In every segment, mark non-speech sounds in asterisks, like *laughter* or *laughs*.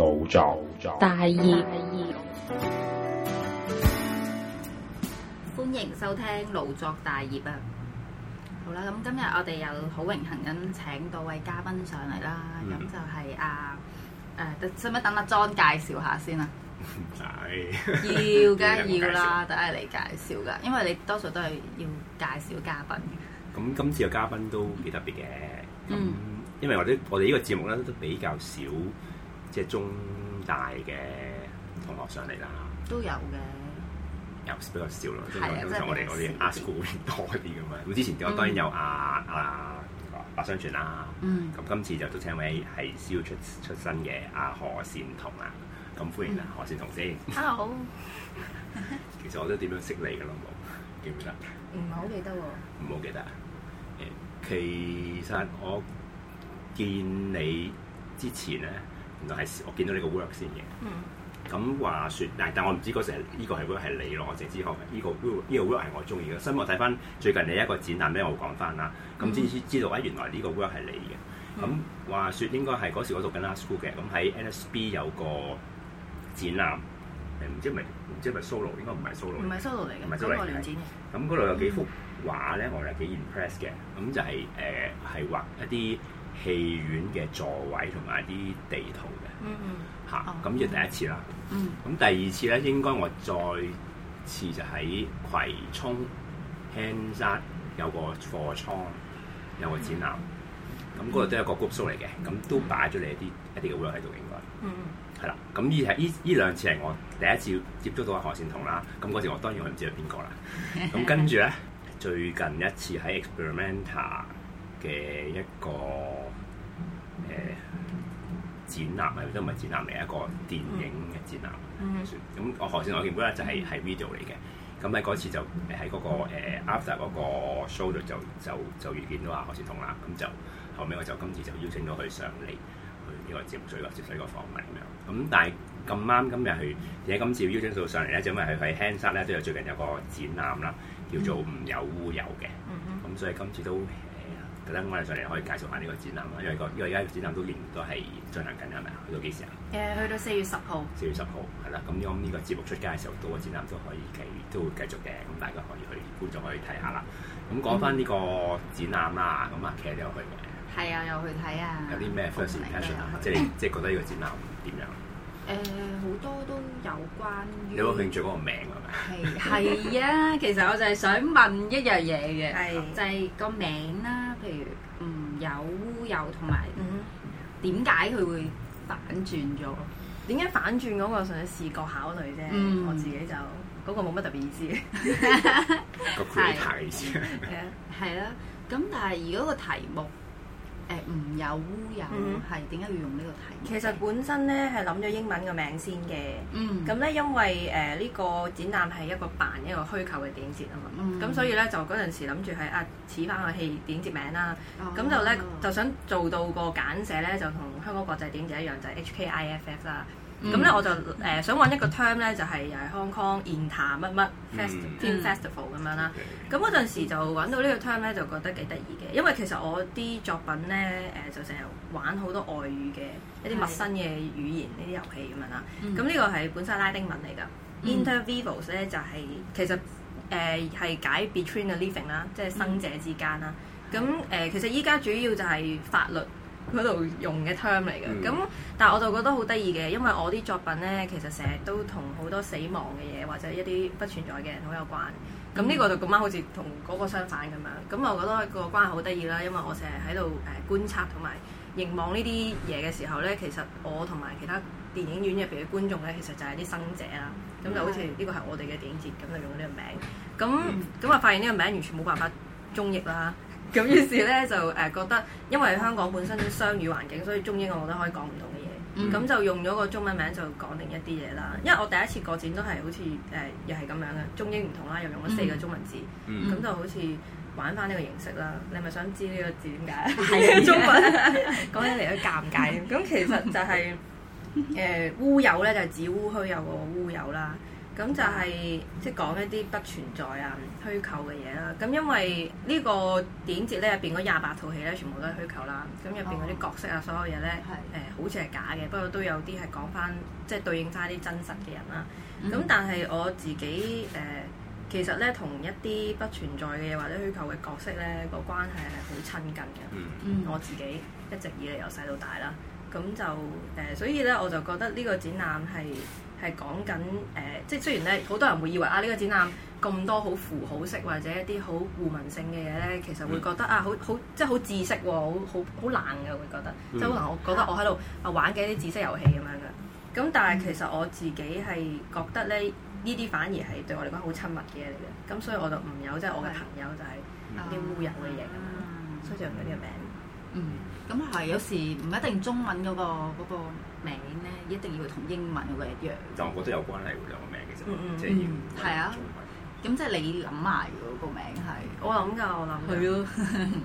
腦作大業，歡迎收聽腦作大業啊！好啦，咁今日我哋又好榮幸咁請到位嘉賓上嚟啦，咁、嗯、就係啊，誒、呃，使唔使等阿、啊、莊介紹下先啊？唔使、嗯， *laughs* 要梗 *laughs* 要啦，等你介紹㗎，因為你多數都係要介紹嘉賓。咁今次嘅嘉賓都幾特別嘅，咁、嗯、因為我哋我哋呢個節目咧都比較少。即係中大嘅同學上嚟啦，都有嘅，有比較少咯。係啊，即係我哋啲阿斯古會多啲咁嘛。咁之前點？當然有阿、啊、阿、嗯啊、白雙全啦。咁、嗯啊、今次就都請位係 CU 出出身嘅阿、啊、何倩彤啊。咁、啊、歡迎啊，嗯、何倩彤先。Hello，其實我都點樣識你㗎？冇，記唔記得？唔係好記得喎。唔好記得啊。其實我見你之前咧。原來係我見到呢個 work 先嘅。咁、嗯嗯、話說，但但我唔知嗰時呢個係 work 係你咯，或者這個這個，我凈係知呢依個 work work 係我中意嘅。所以我睇翻最近你一個展覽，畀我講翻啦。咁先，嗯、知道啊，原來呢個 work 係你嘅。咁、嗯嗯、話說應該係嗰時我讀緊 art school 嘅，咁喺 NSB 有個展覽，誒、嗯、唔知係咪唔知係咪 solo，應該唔係 solo，唔係 solo 嚟嘅，咁嗰度有幾幅畫咧，我係幾 impress 嘅。咁就係誒係畫一啲戲院嘅座位同埋啲地圖。嗯嗯，嚇、嗯，咁就、啊、第一次啦。嗯，咁第二次咧，應該我再次就喺葵涌 h a n d s e t、嗯、有個貨倉有個展覽，咁嗰度都係一個 group show 嚟嘅，咁、嗯、都擺咗嚟啲一啲嘅物料喺度應該。嗯，係啦，咁呢係呢呢兩次係我第一次接觸到阿何倩彤啦，咁、那、嗰、個、時我當然我唔知係邊個啦。咁跟住咧， *laughs* 最近一次喺 Experimenta 嘅一個。展覽咪都唔係展覽嚟，一個電影嘅展覽。咁我何先我見到咧，就係係 video 嚟嘅。咁喺嗰次就喺嗰、那個、呃、after 嗰個 show 度就就就,就遇見到啊何倩彤啦。咁就後尾，我就今次就邀請咗佢上嚟去呢個節目，最話節目一個訪問咁。但係咁啱今日去，而且今次邀請到上嚟咧，因為佢喺 hands up 咧都有最近有個展覽啦，叫做《唔有烏有》嘅。咁、mm hmm. 嗯、所以今次都、呃、特登我哋上嚟可以介紹下呢個展覽啦，因為、這個因為而家個展覽都連都係。進行緊係咪啊？去到幾時啊？誒，去到四月十號。四月十號係啦，咁呢個呢個節目出街嘅時候，多個展覽都可以繼都會繼續嘅，咁大家可以去觀眾可以睇下啦。咁講翻呢個展覽啦，咁啊，其實你有去？係啊，有去睇啊。有啲咩 first impression 啊？即係即係覺得呢個展覽點樣？誒，好多都有關於你有冇興趣嗰個名㗎？係係啊，其實我就係想問一樣嘢嘅，就係個名啦。譬如唔有烏有同埋。點解佢會反轉咗？點解反轉，嗰個純粹視覺考慮啫，嗯、我自己就嗰個冇乜特別意思。個 criteria 係啊，係啊，咁但係如果個題目。誒唔有污有，係點解要用呢個題呢？其實本身咧係諗咗英文個名先嘅。咁咧、嗯、因為誒呢、呃呢個展覽係一個扮一個虛構嘅電影節啊嘛，咁、嗯、所以咧就嗰陣時諗住係啊似翻個戲電影節名啦，咁、哦、就咧、哦、就想做到個簡寫咧就同香港國際電影節一樣就係、是、HKIFF 啦。咁咧我就誒想揾一個 term 咧，就係又係 Hong Kong 言乜乜 f e s t i festival 咁樣啦。咁嗰陣時就揾到呢個 term 咧，就覺得幾得意嘅，因為其實我啲作品咧誒就成日玩好多外語嘅一啲陌生嘅語言呢啲遊戲咁樣啦。咁呢個係本身拉丁文嚟㗎，inter vivos 咧就係其實誒係解 between the living 啦，即係生者之間啦。咁誒其實依家主要就係法律。嗰度用嘅 term 嚟嘅，咁、嗯、但係我就覺得好得意嘅，因為我啲作品咧其實成日都同好多死亡嘅嘢或者一啲不存在嘅人好有關。咁呢、嗯、個就咁啱好似同嗰個相反咁樣，咁我覺得個關係好得意啦。因為我成日喺度誒觀察同埋凝望呢啲嘢嘅時候咧，其實我同埋其他電影院入邊嘅觀眾咧，其實就係啲生者啦。咁、嗯、就好似呢個係我哋嘅電影節，咁就用呢個名。咁咁我發現呢個名完全冇辦法中譯啦。咁於是咧就誒覺得，因為香港本身雙語環境，所以中英我覺得可以講唔同嘅嘢，咁、嗯、就用咗個中文名就講另一啲嘢啦。因為我第一次個展都係好似誒、呃、又係咁樣嘅，中英唔同啦，又用咗四個中文字，咁、嗯、就好似玩翻呢個形式啦。你咪想知呢個字點解？係是 *laughs* 中文講起嚟都尷尬。咁 *laughs* 其實就係、是、誒、呃、烏有咧，就係指烏虛有個烏有啦。咁就係即係講一啲不存在啊虛構嘅嘢啦。咁因為個呢個電影節咧入邊嗰廿八套戲咧全部都係虛構啦、啊。咁入邊嗰啲角色啊，所有嘢咧誒好似係假嘅，不過都有啲係講翻即係對應翻啲真實嘅人啦、啊。咁、mm hmm. 但係我自己誒、呃、其實咧同一啲不存在嘅嘢或者虛構嘅角色咧個關係係好親近嘅。Mm hmm. 我自己一直以嚟由細到大啦。咁就誒、呃、所以咧我就覺得呢個展覽係。係講緊誒，即係、呃、雖然咧，好多人會以為啊，呢、呢個展覽咁多符好符號式或者一啲好互文性嘅嘢咧，其實會覺得、嗯、啊，好好即係好知識，好好好難嘅會覺得，即係可能我覺得我喺度啊玩緊啲知識遊戲咁樣嘅。咁、嗯、但係其實我自己係覺得咧，呢啲反而係對我嚟講好親密嘅嘢嚟嘅。咁所以我就唔有即係、就是、我嘅朋友就係啲烏人嘅嘢，咁所以就唔有呢個名。嗯，咁係有時唔一定中文嗰個嗰個。嗰個名咧一定要同英文嗰一樣，但我覺得有關係兩個名嘅啫，即係要係啊。咁即係你諗埋嗰個名係，我諗㗎，我諗佢咯。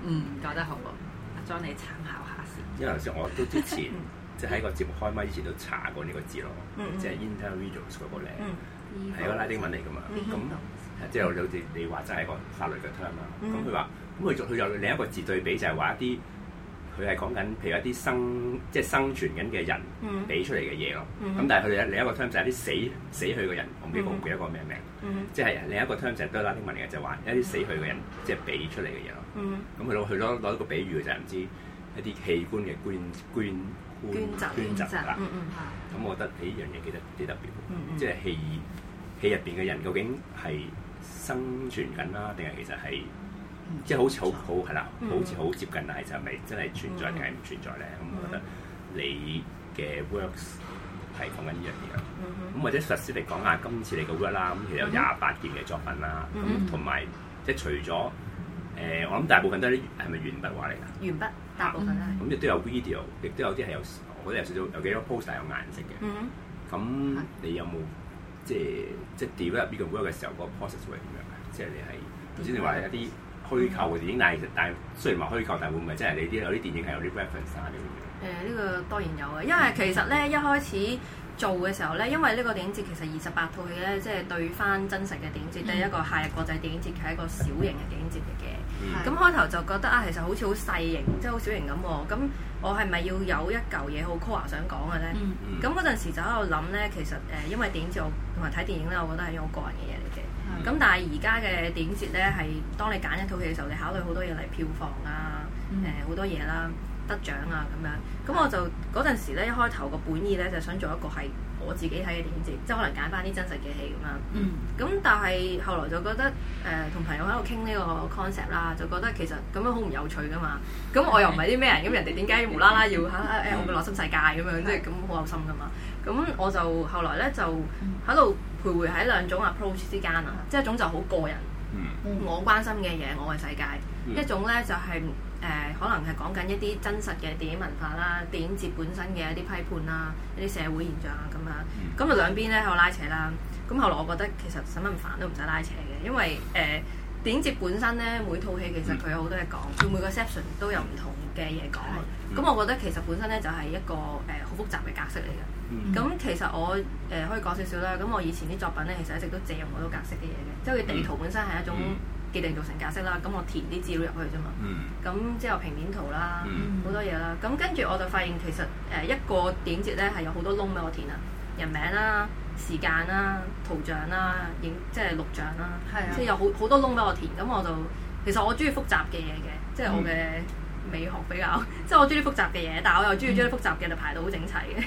嗯，搞得好啊！我將你參考下先。因為有時我都之前即係喺個節目開麥以前都查過呢個字咯，即係 inter vivos 嗰個嚟，係一個拉丁文嚟㗎嘛。咁即係好似你話齋一個法律嘅 term 啊。咁佢話，咁佢就佢就另一個字對比就係話一啲。佢係講緊，譬如一啲生，即、就、係、是、生存緊嘅人，俾出嚟嘅嘢咯。咁、嗯、但係佢哋另一個 terms 就係啲死死去嘅人，我唔記得一個咩名。即係、嗯、另一個 terms 就係多拉丁文嚟嘅，就係、是、話一啲死去嘅人，即係俾出嚟嘅嘢咯。咁佢攞佢攞攞一個比喻、就是，就係唔知一啲器官嘅捐捐捐集捐集。嗯咁、嗯啊、我覺得呢樣嘢幾得幾特別，即係器器入邊嘅人究竟係生存緊啦，定係其實係？即係好似好好係啦，好似好接近，但係就係真係存在定係唔存在咧？咁我覺得你嘅 works 係講緊呢樣嘢，咁或者實質嚟講下今次你嘅 work 啦，咁其實有廿八件嘅作品啦，咁同埋即係除咗誒、呃，我諗大部分都係啲係咪鉛筆畫嚟㗎？鉛筆大部分都咁亦、嗯、都有 video，亦都有啲係有，我覺得有少少有幾多 post 係有顏色嘅。咁、嗯、你有冇即係即係 develop 呢個 work 嘅時候個 process 會係點樣啊？即係你係頭先你話係一啲？虛構嘅電影，但係但係雖然話虛構，但係會唔會真係你啲有啲電影係有啲 reference 啊啲咁嘅？誒、嗯，呢、這個當然有啊，因為其實咧一開始做嘅時候咧，因為呢個電影節其實二十八套戲咧，即、就、係、是、對翻真實嘅電影節。第一個夏日國際電影節係一個小型嘅電影節嚟嘅，咁、嗯、開頭就覺得啊，其實好似好細型，即係好小型咁。咁我係咪要有一嚿嘢好 core 想講嘅咧？咁嗰陣時就喺度諗咧，其實誒、呃，因為電影節同埋睇電影咧，我覺得係一個個人嘅嘢嚟嘅。咁、嗯、但係而家嘅電影節咧係，當你揀一套戲嘅時候，你考慮好多嘢嚟，票房啊，誒好、嗯呃、多嘢啦，得獎啊咁樣。咁我就嗰陣時咧一開頭個本意咧就係、想做一個係。我自己睇嘅電視，即係可能揀返啲真實嘅戲咁樣。咁、嗯嗯、但係後來就覺得誒，同、呃、朋友喺度傾呢個 concept 啦，就覺得其實咁樣好唔有趣噶嘛。咁我又唔係啲咩人，咁、嗯、人哋點解要無啦啦要嚇誒、嗯啊哎、我嘅內心世界咁樣，嗯、即係咁好嘔心噶嘛。咁、嗯嗯、我就後來咧就喺度徘徊喺兩種 approach 之間啊，即係一種就好個人，嗯、我關心嘅嘢，我嘅世界；嗯、一種咧就係、是。誒、呃、可能係講緊一啲真實嘅電影文化啦，電影節本身嘅一啲批判啦，一啲社會現象啊咁樣，咁就、嗯、兩邊咧喺拉扯啦。咁後來我覺得其實使乜煩，都唔使拉扯嘅，因為誒、呃、電影節本身咧每套戲其實佢有好多嘢講，嗯、佢每個 section 都有唔同嘅嘢講。咁、嗯、我覺得其實本身咧就係、是、一個誒好、呃、複雜嘅格式嚟嘅。咁、嗯、其實我誒、呃、可以講少少啦。咁我以前啲作品咧其實一直都借用好多格式嘅嘢嘅，即、就、係、是、地圖本身係一種。嗯嗯既定造成格式啦，咁我填啲資料入去啫嘛。咁、嗯、之後平面圖啦，好、嗯、多嘢啦。咁跟住我就發現其實誒一個剪接咧係有好多窿俾我填啊，人名啦、時間啦、圖像啦、影即係錄像啦，即係、嗯、有好好多窿俾我填。咁我就其實我中意複雜嘅嘢嘅，即係我嘅美學比較，即係我中意複雜嘅嘢，但係我又中意將啲複雜嘅就排到好整齊嘅。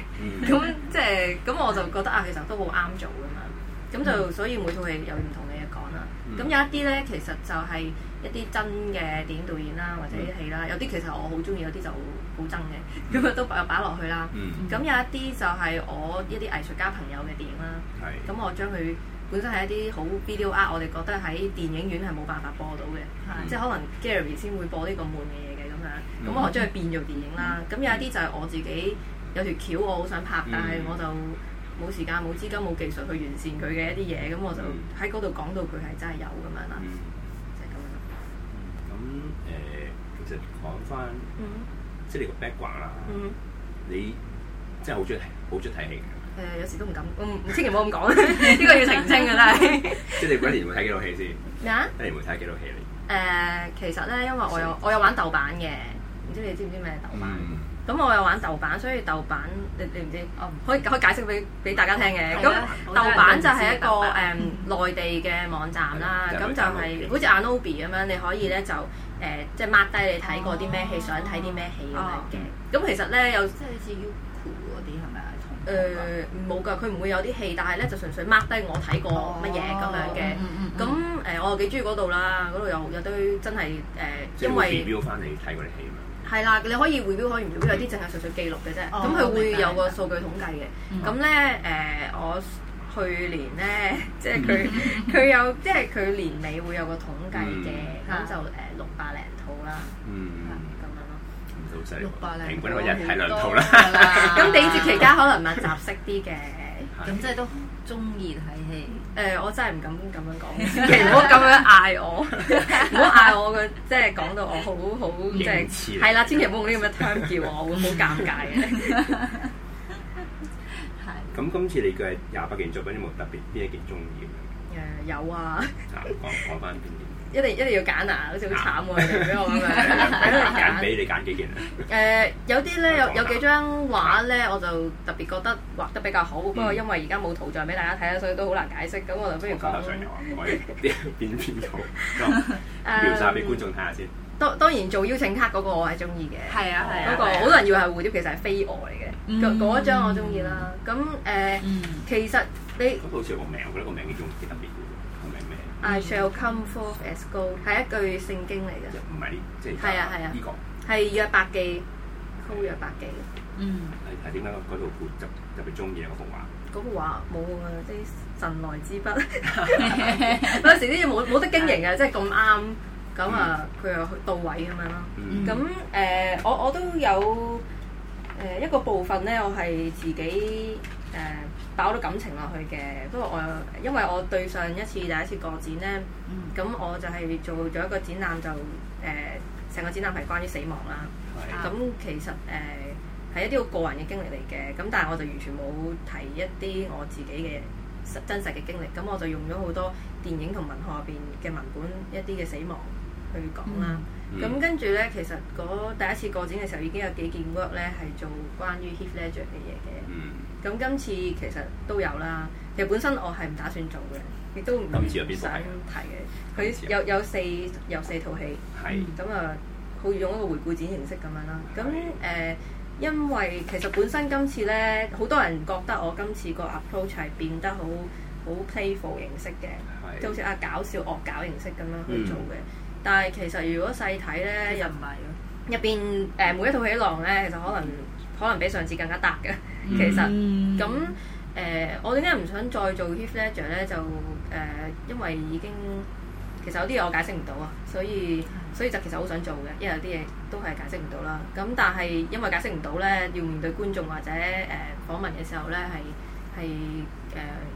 咁即係咁我就覺得啊，其實都好啱做㗎嘛。咁就所以每套戲有唔同。咁、嗯、有一啲咧，其實就係一啲真嘅電影導演啦，或者啲戲啦。嗯、有啲其實我好中意，有啲就好憎嘅，咁 *laughs* 啊都擺落去啦。咁、嗯、有一啲就係我一啲藝術家朋友嘅電影啦。咁的我將佢本身係一啲好 video art 我哋覺得喺電影院係冇辦法播到嘅，的嗯、即係可能 Gallery 先會播呢個悶嘅嘢嘅咁樣。咁、嗯、我將佢變做電影啦。咁、嗯、有一啲就係我自己有條橋我好想拍，但係我就。嗯冇時間、冇資金、冇技術去完善佢嘅一啲嘢，咁我就喺嗰度講到佢係真係有咁樣啦，即係咁樣。咁誒，其實講翻，即係你個 background 啦，你真係好鍾意好鍾意睇戲嘅。有時都唔敢，我唔千祈唔好咁講，呢個要澄清嘅啦。即係你嗰一年會睇幾套戲先？咩一年會睇幾套戲嚟？誒，其實咧，因為我有我有玩豆瓣嘅，唔知你知唔知咩豆瓣？咁我又玩豆瓣，所以豆瓣你你唔知哦，可以可以解釋俾俾大家聽嘅。咁豆瓣就係一個誒內地嘅網站啦，咁就係好似 Anobe 咁樣，你可以咧就誒即係 mark 低你睇過啲咩戲，想睇啲咩戲咁樣嘅。咁其實咧有即係似 Youku 啲係咪啊？誒冇㗎，佢唔會有啲戲，但係咧就純粹 mark 低我睇過乜嘢咁樣嘅。咁誒我又幾中意嗰度啦，嗰度有有堆真係誒，因為。係啦，你可以匯表可以唔匯表，有啲淨係純粹記錄嘅啫。咁佢會有個數據統計嘅。咁咧誒，我去年咧，即係佢佢有，即係佢年尾會有個統計嘅。咁就誒六百零套啦，咁樣咯。六百零，平均一人睇兩套啦。咁年節期間可能密集式啲嘅，咁即係都。中意睇戲？誒、呃，我真係唔敢咁樣講，千祈唔好咁樣嗌我，唔好嗌我嘅，即、就、係、是、講到我好好，即係係啦，千祈唔好用啲咁嘅 tone 叫我， *laughs* 我會好尷尬嘅 *laughs* *laughs* 的。係。咁今次你嘅廿八件作品有冇特別邊一件中意？誒、呃，有啊。 *laughs* 啊，講講翻邊一定一定要揀啊！好似好慘喎，俾我咁樣，一定要揀，俾你揀幾件咧？誒，有啲咧，有有幾張畫咧，我就特別覺得畫得比較好。不過因為而家冇圖像俾大家睇啦，所以都好難解釋。咁我就不如講圖上有俾觀眾睇下先。當當然做邀請卡嗰個我係中意嘅，係啊係啊，好多人以為係蝴蝶，其實係飛蛾嚟嘅。嗰張我中意啦。咁誒，其實你好似有個名，我覺得個名幾特別。I shall come forth as gold 係一句聖經嚟嘅。唔係，即係係啊係啊，呢個係約伯記，約伯記。嗯，係係點解個嗰度就特別中意啊嗰幅畫？嗰幅畫冇啊，即係神來之筆，有時啲嘢冇冇得經營嘅，即係咁啱咁啊，佢又到位咁樣咯。咁誒，我我都有誒一個部分咧，我係自己誒。包咗感情落去嘅，不過我因為我對上一次第一次個展咧，咁、嗯、我就係做咗一個展覽就，就誒成個展覽係關於死亡啦。咁的其實誒係、呃、一啲好個人嘅經歷嚟嘅，咁但係我就完全冇提一啲我自己嘅實真實嘅經歷，咁我就用咗好多電影同文學入邊嘅文本一啲嘅死亡去講啦。咁、嗯、跟住咧，嗯、其實嗰第一次個展嘅時候已經有幾件 work 咧係做關於 Heath Ledger 嘅嘢嘅。嗯咁今次其實都有啦，其實本身我係唔打算做嘅，亦都唔想提嘅。佢有有，有四有四套戲，咁啊是，好、嗯、用一個回顧展形式咁樣啦。咁誒是、呃，因為其實本身今次咧，好多人覺得我今次個 approach 係變得好好 playful 形式嘅，即是好似啊搞笑惡搞形式咁樣去做嘅。嗯、但係其實如果細睇咧，又唔係入邊誒每一套戲嚟咧，其實可能可能比上次更加搭嘅。嗯、其實咁誒、呃，我點解唔想再做 Heath Ledger 咧？就誒、呃，因為已經其實有啲嘢我解釋唔到啊，所以所以就其實好想做嘅，因為有啲嘢都係解釋唔到啦。咁但係因為解釋唔到咧，要面對觀眾或者誒、呃、訪問嘅時候咧，係係誒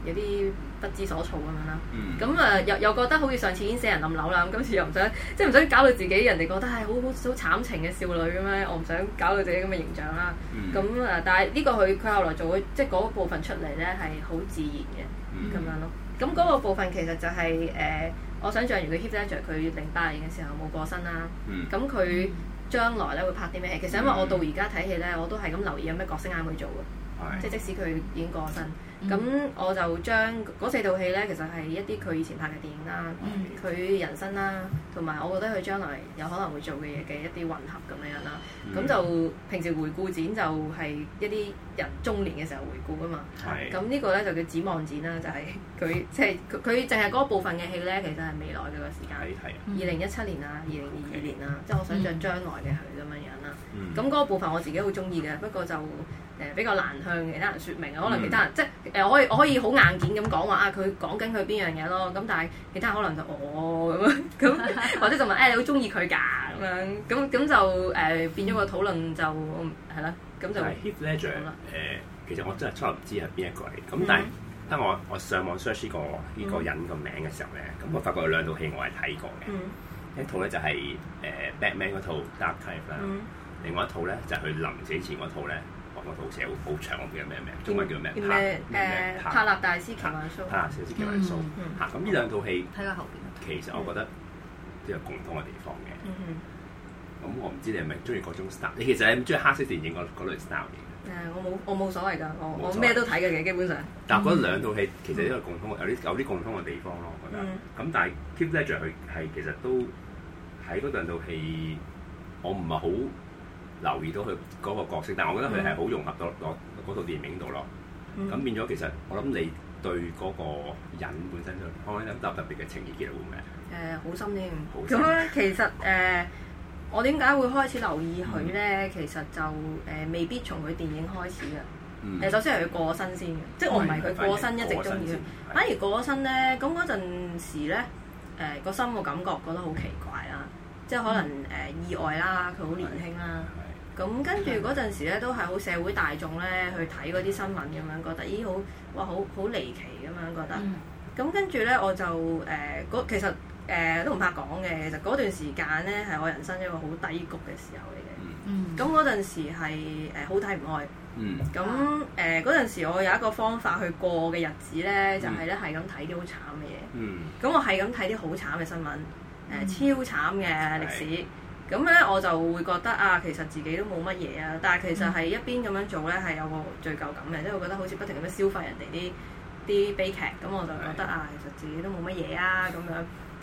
有啲。不知所措咁樣啦，咁啊、mm hmm. 嗯、又又覺得好似上次已經死人冧樓啦，咁今次又唔想即係唔想搞到自己人哋覺得係好好好慘情嘅少女咁樣，我唔想搞到自己咁嘅形象啦。咁啊、mm hmm. 嗯，但係呢個佢佢後來做嘅即係嗰部分出嚟咧係好自然嘅咁、mm hmm. 樣咯。咁、嗯、嗰個部分其實就係、是、誒、呃、我想象完佢 Heath Ledger 佢零八年嘅時候冇過身啦、啊，咁佢、mm hmm. 將來咧會拍啲咩戲？其實因為我到而家睇戲咧，我都係咁留意有咩角色啱佢做嘅，mm hmm. 即係即使佢已經過身。咁我就將嗰四套戲咧，其實係一啲佢以前拍嘅電影啦，佢、嗯、人生啦，同埋我覺得佢將來有可能會做嘅嘢嘅一啲混合咁樣樣啦。咁、嗯、就平時回顧展就係一啲人中年嘅時候回顧噶嘛。咁是呢個咧就叫展望展啦，就係佢即係佢淨係嗰部分嘅戲咧，其實係未來嘅個時間，二零一七年啊，二零二二年啊，okay, 即係我想像將來嘅佢咁樣樣啦。咁嗰、嗯、部分我自己好中意嘅，不過就～比較難向其他人說明啊，可能其他人即係誒，我可以我可以好硬件咁講話啊，佢講緊佢邊樣嘢咯。咁但係其他人可能就哦咁樣，咁或者就問誒你好中意佢㗎咁樣，咁咁就誒變咗個討論就係啦。咁就係 Heath Ledger 誒，其實我真係初頭唔知係邊一個嚟。咁但係當我我上網 search 依個依個人個名嘅時候咧，咁我發覺有兩套戲我係睇過嘅。一套咧就係誒 Batman 嗰套 Dark Knight 啦，另外一套咧就係佢臨死前嗰套咧。我導師好長我唔記得咩名？中文叫咩？誒誒，帕納大師奇維蘇。帕納大師奇維蘇。咁呢兩套戲，睇下後邊。其實我覺得都有共通嘅地方嘅。咁我唔知你係咪中意嗰種 style？你其實係唔中意黑色電影嗰類 style 嘅？我冇我冇所謂㗎，我我咩都睇嘅，基本上。但係嗰兩套戲其實都有共通，有啲有啲共通嘅地方咯，我覺得。咁但係《Keep the Jazz》佢係其實都喺嗰兩套戲，我唔係好。留意到佢嗰個角色，但係我覺得佢係好融合到落嗰套電影度咯。咁變咗其實，我諗你對嗰個人本身有冇啲特特別嘅情意結露咩？誒，好深添。好深。咁樣其實誒，我點解會開始留意佢咧？其實就誒，未必從佢電影開始嘅。誒，首先係佢過身先嘅，即係我唔係佢過身一直中意佢，反而過咗身咧，咁嗰陣時咧，誒個心個感覺覺得好奇怪啦，即係可能誒意外啦，佢好年輕啦。咁跟住嗰陣時咧，都係好社會大眾咧去睇嗰啲新聞咁樣，覺得咦，好哇好好離奇咁樣覺得。咁、嗯、跟住咧，我就誒其實誒都唔怕講嘅。其實嗰、呃、段時間咧，係我人生一個好低谷嘅時候嚟嘅。咁嗰陣時係、呃、好睇唔開。咁誒嗰陣時我有一個方法去過嘅日子咧，就係咧係咁睇啲好慘嘅嘢。咁我係咁睇啲好慘嘅新聞，誒、嗯嗯嗯、超慘嘅歷史。咁咧，我就會覺得啊，其實自己都冇乜嘢啊。但係其實係一邊咁樣做咧，係有個罪疚感嘅，即係我覺得好似不停咁樣消費人哋啲啲悲劇。咁我就覺得對啊，其實自己都冇乜嘢啊。咁樣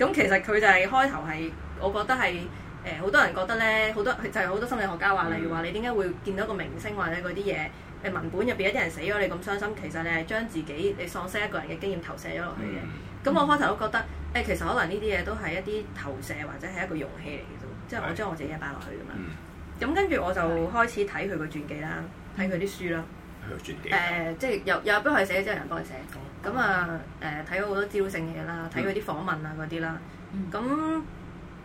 咁其實佢就係開頭係我覺得係誒好多人覺得咧，好多就係、是、好多心理學家話，例如話你點解會見到個明星或者嗰啲嘢誒文本入邊一啲人死咗，你咁傷心？其實你係將自己你喪失一個人嘅經驗投射咗落去嘅。咁、嗯、我開頭都覺得誒、呃，其實可能呢啲嘢都係一啲投射或者係一個容器嚟嘅。即係我將我自己嘢擺落去咁樣，咁跟住我就開始睇佢個傳記啦，睇佢啲書啦。係、呃、即係又又唔係寫真人幫佢寫嘅咁啊誒，睇好、哦嗯嗯、多資料性嘢啦，睇佢啲訪問啊嗰啲啦，咁、嗯、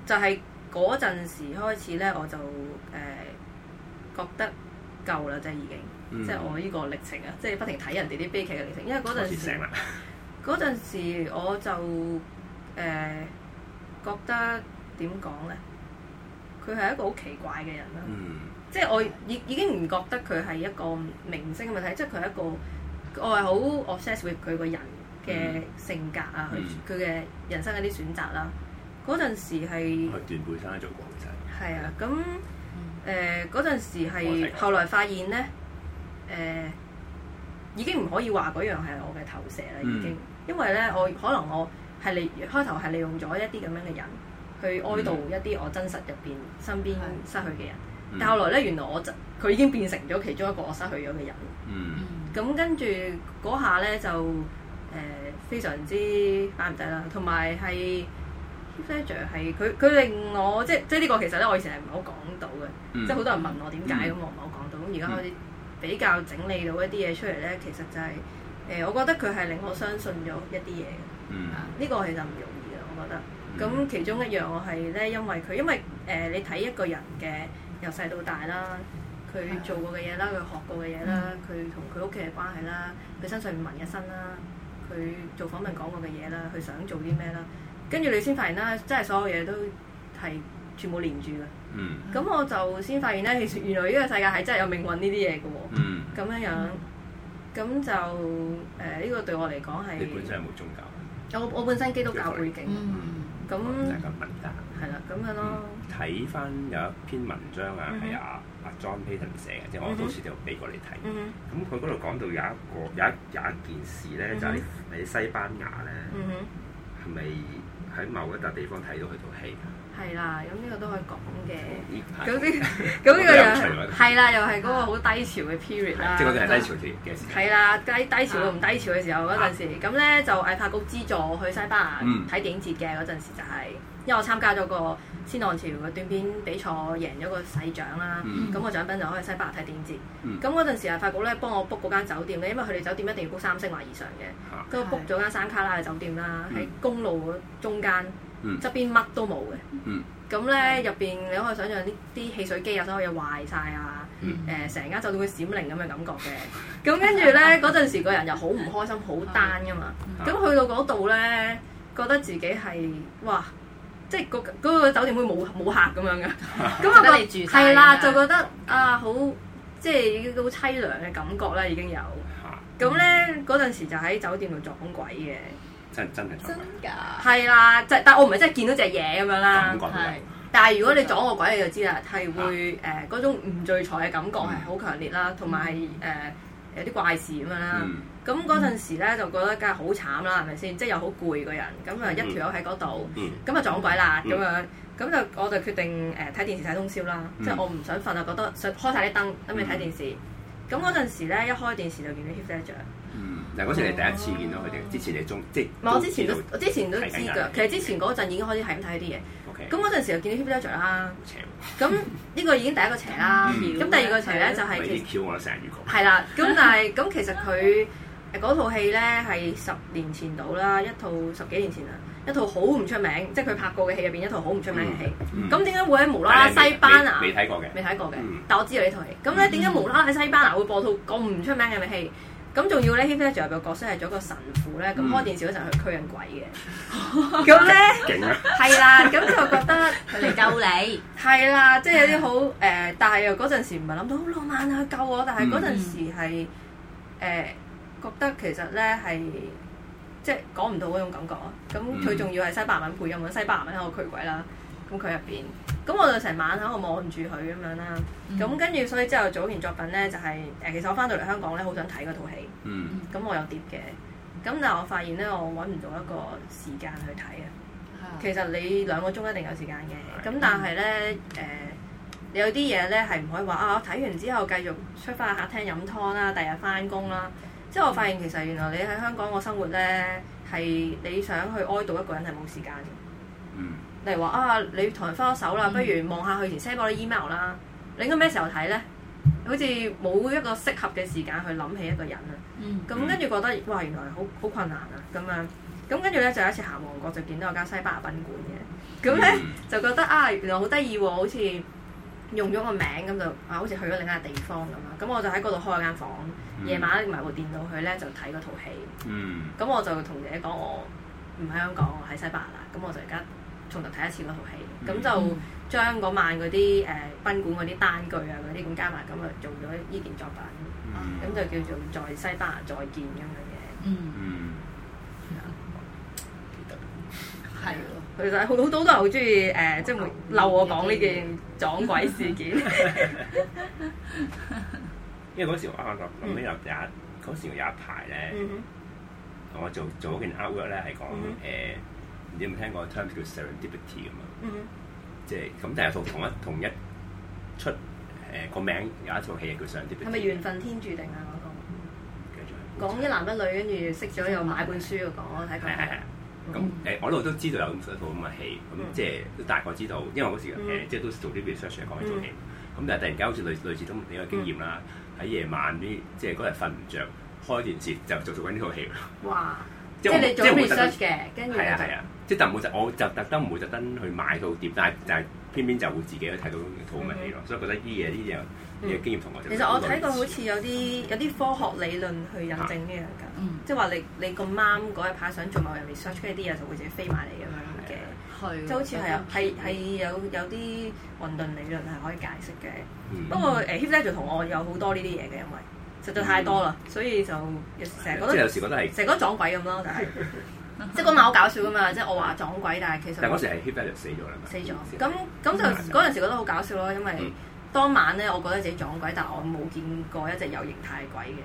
就係嗰陣時開始咧，我就誒、呃、覺得夠啦，即係已經、嗯、即係我呢個歷程啊，嗯、即係不停睇人哋啲悲劇嘅歷程，因為嗰陣時嗰陣時我就誒、呃、覺得點講咧？佢係一個好奇怪嘅人啦、嗯，即係我已已經唔覺得佢係一個明星嘅問題，即係佢一個，我係好 obsess with 佢個人嘅性格、嗯、啊，佢嘅人生嗰啲選擇啦。嗰陣、嗯呃、時係係斷背山做廣濟，係啊，咁誒嗰陣時係後來發現咧，誒、呃、已經唔可以話嗰樣係我嘅投射啦，嗯、已經，因為咧我可能我係利開頭係利用咗一啲咁樣嘅人。去哀悼一啲我真實入邊身邊失去嘅人，後來咧原來我就佢已經變成咗其中一個我失去咗嘅人。咁、嗯、跟住嗰下咧就誒、呃、非常之擺唔低啦。同埋係《Himself》係佢佢令我即即呢個其實咧我以前係唔係好講到嘅，嗯、即係好多人問我點解咁我唔係好講到。咁而家開始比較整理到一啲嘢出嚟咧，其實就係、是、誒、呃、我覺得佢係令我相信咗一啲嘢。嗯，呢、啊這個其實唔容易嘅，我覺得。咁、嗯、其中一樣我係咧，因為佢，因為誒你睇一個人嘅由細到大啦，佢做過嘅嘢啦，佢學過嘅嘢啦，佢同佢屋企嘅關係啦，佢身上面紋一身啦，佢做訪問講過嘅嘢啦，佢想做啲咩啦，跟住你先發現啦，真係所有嘢都係全部連住嘅。嗯。咁我就先發現咧，原來呢個世界係真係有命運呢啲嘢嘅喎。嗯。咁樣樣，咁、嗯、就誒呢、呃呢個對我嚟講係。你本身係冇宗教？我我本身基督教背景。嗯嗯咁，就係啦，咁、啊、樣咯。睇翻有一篇文章啊，係阿阿 John Payton 寫嘅，mm hmm. 即係我到時就俾過你睇。咁佢嗰度講到有一個，有一有一件事咧，mm hmm. 就喺喺西班牙咧，係咪喺某一笪地方睇到佢套戲？係啦，咁呢個都可以講嘅。咁啲咁呢個人係啦，又係嗰個好低潮嘅 period 啦。即係嗰陣係低潮嘅時。係啦，低低潮到唔低潮嘅時候嗰陣時，咁咧就藝發局資助去西班牙睇電影節嘅嗰陣時，就係因為我參加咗個鮮浪潮嘅短片比賽，贏咗個細獎啦。咁個獎品就可以西班牙睇電影節。咁嗰陣時藝發局咧幫我 book 嗰間酒店咧，因為佢哋酒店一定要 book 三星或以上嘅，都 book 咗間山卡拉嘅酒店啦，喺公路中間。側邊乜都冇嘅，咁咧入邊你可以想象，啲啲汽水機啊，所可以壞晒啊，誒成間酒店會閃靈咁嘅感覺嘅。咁跟住咧嗰陣時個人又好唔開心好單噶嘛，咁去到嗰度咧覺得自己係哇，即係嗰嗰個酒店會冇冇客咁樣嘅，咁我覺得係啦，就覺得啊好即係已經好淒涼嘅感覺啦已經有。咁咧嗰陣時就喺酒店度撞鬼嘅。真真係真㗎，係啦，就但係我唔係真係見到隻嘢咁樣啦。感覺係，但係如果你撞個鬼你就知啦，係會誒嗰種唔聚財嘅感覺係好強烈啦，同埋係誒有啲怪事咁樣啦。咁嗰陣時咧就覺得梗係好慘啦，係咪先？即係又好攰個人，咁啊一條友喺嗰度，咁啊撞鬼啦咁樣，咁就我就決定誒睇電視睇通宵啦，即係我唔想瞓啊，覺得想開曬啲燈，諗住睇電視。咁嗰陣時咧一開電視就見到 hit the jackpot。嗱，嗰時你第一次見到佢哋，之前你中即係。唔係我之前都，我之前都知㗎。其實之前嗰陣已經開始係咁睇啲嘢。OK。咁嗰陣時又見到《Himday》著啦。邪。咁呢個已經第一個邪啦。咁第二個邪咧就係。係啦。咁但係咁其實佢嗰套戲咧係十年前到啦，一套十幾年前啦，一套好唔出名，即係佢拍過嘅戲入邊一套好唔出名嘅戲。咁點解會喺無啦啦西班牙？未睇過嘅。未睇過嘅。但我知道呢套戲。咁咧點解無啦啦喺西班牙會播套咁唔出名嘅戲？咁仲要咧 h e a t 仲有個角色係做個神父咧，咁、嗯、開電視嗰陣去驅引鬼嘅，咁咧係啦，咁就覺得佢嚟救你係啦，即、就、係、是、有啲好誒，但係又嗰陣時唔係諗到好浪漫啊，去救我，但係嗰陣時係誒、嗯呃、覺得其實咧係即係講唔到嗰種感覺啊，咁佢仲要係西班牙文配音，西班牙文喺度驅鬼啦，咁佢入邊。咁我就成晚喺度望住佢咁樣啦，咁跟住所以之後做完作品咧，就係、是、誒、呃、其實我翻到嚟香港咧，好想睇嗰套戲，咁我有碟嘅，咁但係我發現咧，我揾唔到一個時間去睇啊。其實你兩個鐘一定有時間嘅，咁、啊、但係咧、呃、你有啲嘢咧係唔可以話啊，我睇完之後繼續出翻去客廳飲湯啦，第日翻工啦。即係我發現其實原來你喺香港個生活咧，係你想去哀悼一個人係冇時間嘅。例如話啊，你同人分咗手啦，不如望下佢以前寫我啲 email 啦。你應該咩時候睇咧？好似冇一個適合嘅時間去諗起一個人啊。咁、嗯、跟住覺得哇，原來好好困難啊。咁啊，咁跟住咧就有一次行旺角就見到有間西班牙賓館嘅。咁咧、嗯、就覺得啊，原來好得意喎，好似用咗個名咁就啊，好似去咗另一個地方咁啊。咁我就喺嗰度開咗間房，夜晚埋、嗯、部電腦去咧就睇嗰套戲。咁、嗯嗯、我就同人講我唔喺香港，我喺西班牙啦。咁我就而家，重頭睇一次嗰套戲，咁就將嗰晚嗰啲誒賓館嗰啲單據啊，嗰啲咁加埋，咁啊做咗呢件作品，咁就叫做在西班牙再見咁嘅嘢。嗯，係咯，其實好多好多人都好中意誒，即係溜我講呢件撞鬼事件。因為嗰時啊，啱咁咧又廿，嗰時一排咧，我做做件 Out 咧係講誒。你有冇聽過個 term 叫 serendipity 咁啊？即係咁，第係套同一同一出誒個名有一套戲係叫 Serendipity，係咪緣分天注定啊？嗰個講一男一女，跟住識咗又買本書又講，睇。係咁誒，我一路都知道有咁一套咁嘅戲，咁即係都大概知道，因為我嗰時即係都做啲 research 嚟講呢套戲。咁但係突然間好似類類似唔呢個經驗啦，喺夜晚啲即係嗰日瞓唔着，開電視就做做緊呢套戲哇！即係你做 research 嘅，跟住係啊係啊，即係就冇就我就特登唔會特登去買套碟，但係就係偏偏就會自己去睇到套好咯，所以覺得啲嘢呢啲嘢啲經驗同我。其實我睇過好似有啲有啲科學理論去印證呢樣㗎，即係話你你咁啱嗰日拍想做某樣 research 嘅啲嘢就會自己飛埋嚟咁樣嘅，即係好似係啊係係有有啲混沌理論係可以解釋嘅，不過誒 Hubby 就同我有好多呢啲嘢嘅，因為。實在太多啦，所以就成日覺得即係有時覺得係成個撞鬼咁咯，但係即係嗰晚好搞笑噶嘛！即係我話撞鬼，但係其實但係嗰時係 Heath Ledger 死咗啦，死咗咁咁就嗰陣時覺得好搞笑咯，因為當晚咧我覺得自己撞鬼，但我冇見過一隻有形態嘅鬼嘅。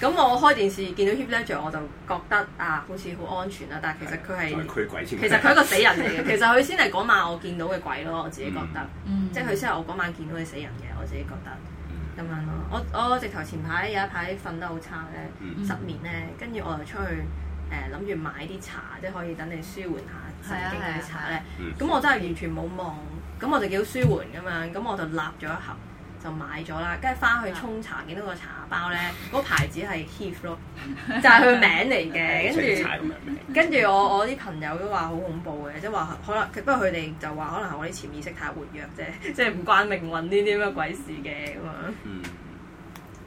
咁我開電視見到 Heath Ledger，我就覺得啊，好似好安全啦。但係其實佢係其實佢係一個死人嚟嘅。其實佢先係嗰晚我見到嘅鬼咯。我自己覺得，即係佢先係我嗰晚見到嘅死人嘅。我自己覺得。咁樣咯，我我直頭前排有一排瞓得好差咧，嗯、失眠咧，跟住我就出去誒諗住買啲茶，即係可以等你舒緩下神經嘅茶咧。咁、嗯嗯、我真係完全冇望，咁我就叫舒緩㗎嘛，咁我就立咗一盒。就買咗啦，跟住返去沖茶，見到個茶包咧，嗰 *laughs* 牌子係 Heath 咯，就係、是、佢名嚟嘅。跟住，跟住我我啲朋友都話好恐怖嘅，即係話可能，不過佢哋就話可能係我啲潛意識太活躍啫，即係唔關命運呢啲乜鬼事嘅咁啊。樣嗯，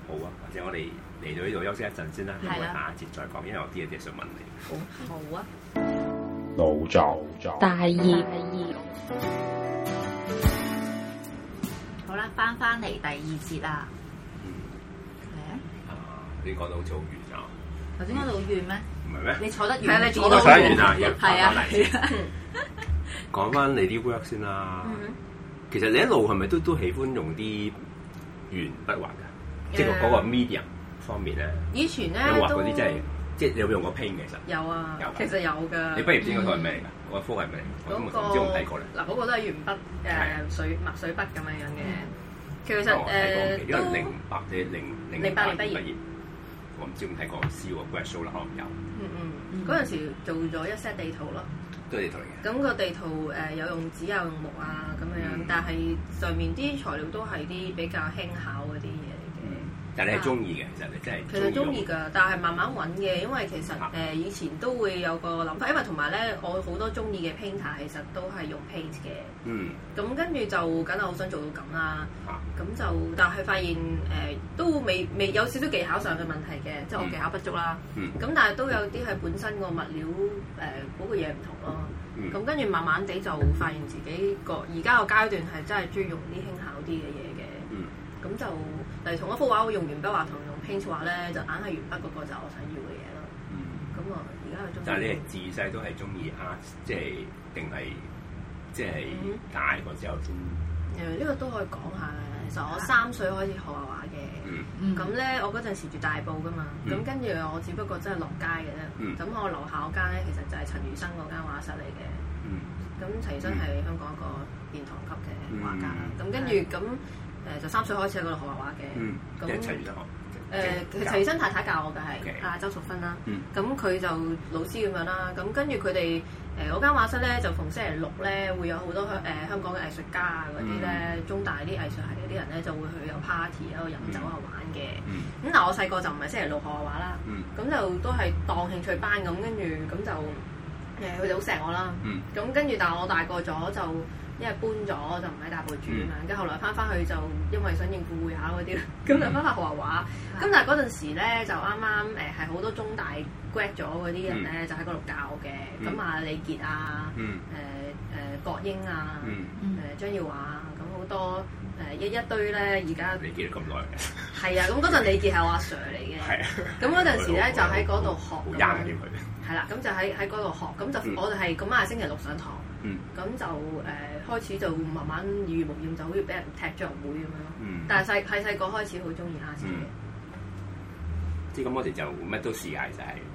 好啊，或者我哋嚟到呢度休息一陣先啦，咁是、啊、我下一節再講，因為我啲嘢都係想問你。好、啊，好啊。好啊老就就大業。好啦，翻翻嚟第二節啦。嗯。係啊！你講到好似好遠啊，頭先講到好遠咩？唔係咩？你坐得遠，係你坐得遠啊！係啊。講翻你啲 work 先啦。其實你一路係咪都都喜歡用啲鉛筆畫㗎？即係嗰個 medium 方面咧。以前咧，有冇畫嗰啲真係？即係你有冇用過 paint 其實？有啊，其實有㗎。你不如唔知嗰個係咩嚟嗰幅係咪？我都唔知我睇過咧。嗱，嗰個都係鉛筆，誒水墨水筆咁樣樣嘅。嗯、其實誒都零八定零零八年畢業。我唔知有冇睇過書喎，grad show 可能有。嗯嗯，嗰陣、嗯、時做咗一些地圖咯，都係地圖嚟嘅。咁個地圖誒有用紙有用木啊咁樣，嗯、但係上面啲材料都係啲比較輕巧嗰啲嘢。但係你中意嘅，其實你真係其實中意㗎，但係慢慢揾嘅，因為其實誒、啊呃、以前都會有個諗法，因為同埋咧我好多中意嘅 painter 其實都係用 paint 嘅，嗯，咁跟住就梗係好想做到咁啦、啊，咁、啊、就但係發現誒、呃、都未未有少少技巧上嘅問題嘅，即係我技巧不足啦，咁、嗯嗯、但係都有啲係本身個物料誒嗰、呃嗰個嘢唔同咯、啊，咁跟住慢慢地就發現自己個而家個階段係真係中意用啲輕巧啲嘅嘢。咁就，例如同一幅畫，我用鉛筆畫同用 paint 畫咧，就硬係鉛筆嗰個就我想要嘅嘢咯。嗯。咁啊，而家係中意。但係你自細都係中意畫，即係定係即係大個之後先？誒，呢個都可以講下嘅。其實我三歲開始學畫畫嘅。嗯嗯。咁咧，我嗰陣時住大埔噶嘛，咁、嗯、跟住我只不過真係落街嘅啫。嗯。咁我樓下嗰間咧，其實就係陳如生嗰間畫室嚟嘅。嗯。咁陳如生係香港一個殿堂級嘅畫家啦。咁、嗯、跟住咁。誒就三歲開始喺嗰度學畫畫嘅，咁誒齊新太太教我嘅係阿周淑芬啦，咁佢就老師咁樣啦，咁跟住佢哋誒嗰間畫室咧就逢星期六咧會有好多香誒香港嘅藝術家啊，嗰啲咧中大啲藝術系嗰啲人咧就會去有 party 喺度飲酒啊玩嘅，咁嗱我細個就唔係星期六學畫畫啦，咁就都係當興趣班咁，跟住咁就誒佢哋好錫我啦，咁跟住但係我大個咗就。因為搬咗就唔喺大埔住啊嘛，咁後來翻翻去就因為想應付會考嗰啲，咁就翻翻學畫畫。咁但係嗰陣時咧就啱啱誒係好多中大 grad 咗嗰啲人咧就喺嗰度教嘅，咁阿李傑啊，誒誒郭英啊，誒張耀華啊，咁好多誒一一堆咧而家李傑咁耐嘅，係啊，咁嗰陣李傑係我阿 sir 嚟嘅，咁嗰陣時咧就喺嗰度學，係啦，咁就喺喺嗰度學，咁就我就係嗰晚星期六上堂，咁就誒。開始就慢慢耳濡目染就好似俾人踢咗入會咁樣咯，嗯、但係細喺細個開始好中意阿 s 嘅、嗯。即咁，我哋就乜都試下其實係、是。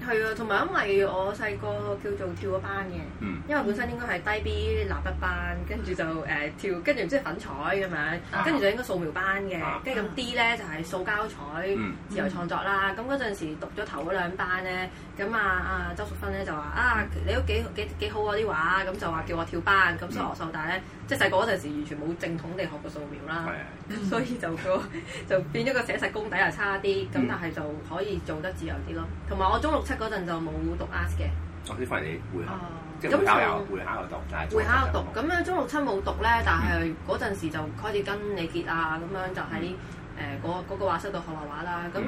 係啊，同埋因為我細個叫做跳咗班嘅，嗯、因為本身應該係低 B 蠟筆班，跟住就誒、呃、跳，跟住即係粉彩咁樣，啊、跟住就應該素描班嘅，跟住咁 D 咧就係、是、塑膠彩，嗯、自由創作啦。咁嗰陣時讀咗頭嗰兩班咧，咁啊啊周淑芬咧就話啊你都幾幾幾好啊啲畫，咁就話叫我跳班，咁、嗯、所以我受大咧。即係細個嗰陣時，完全冇正統地學過素描啦，咁所以就個就變咗個寫實功底又差啲，咁但係就可以做得自由啲咯。同埋我中六七嗰陣就冇讀 art 嘅，我先翻嚟會考，即係唔加油會考又讀，考又讀。咁咧中六七冇讀咧，但係嗰陣時就開始跟李傑啊咁樣，就喺誒嗰嗰個畫室度學畫畫啦。咁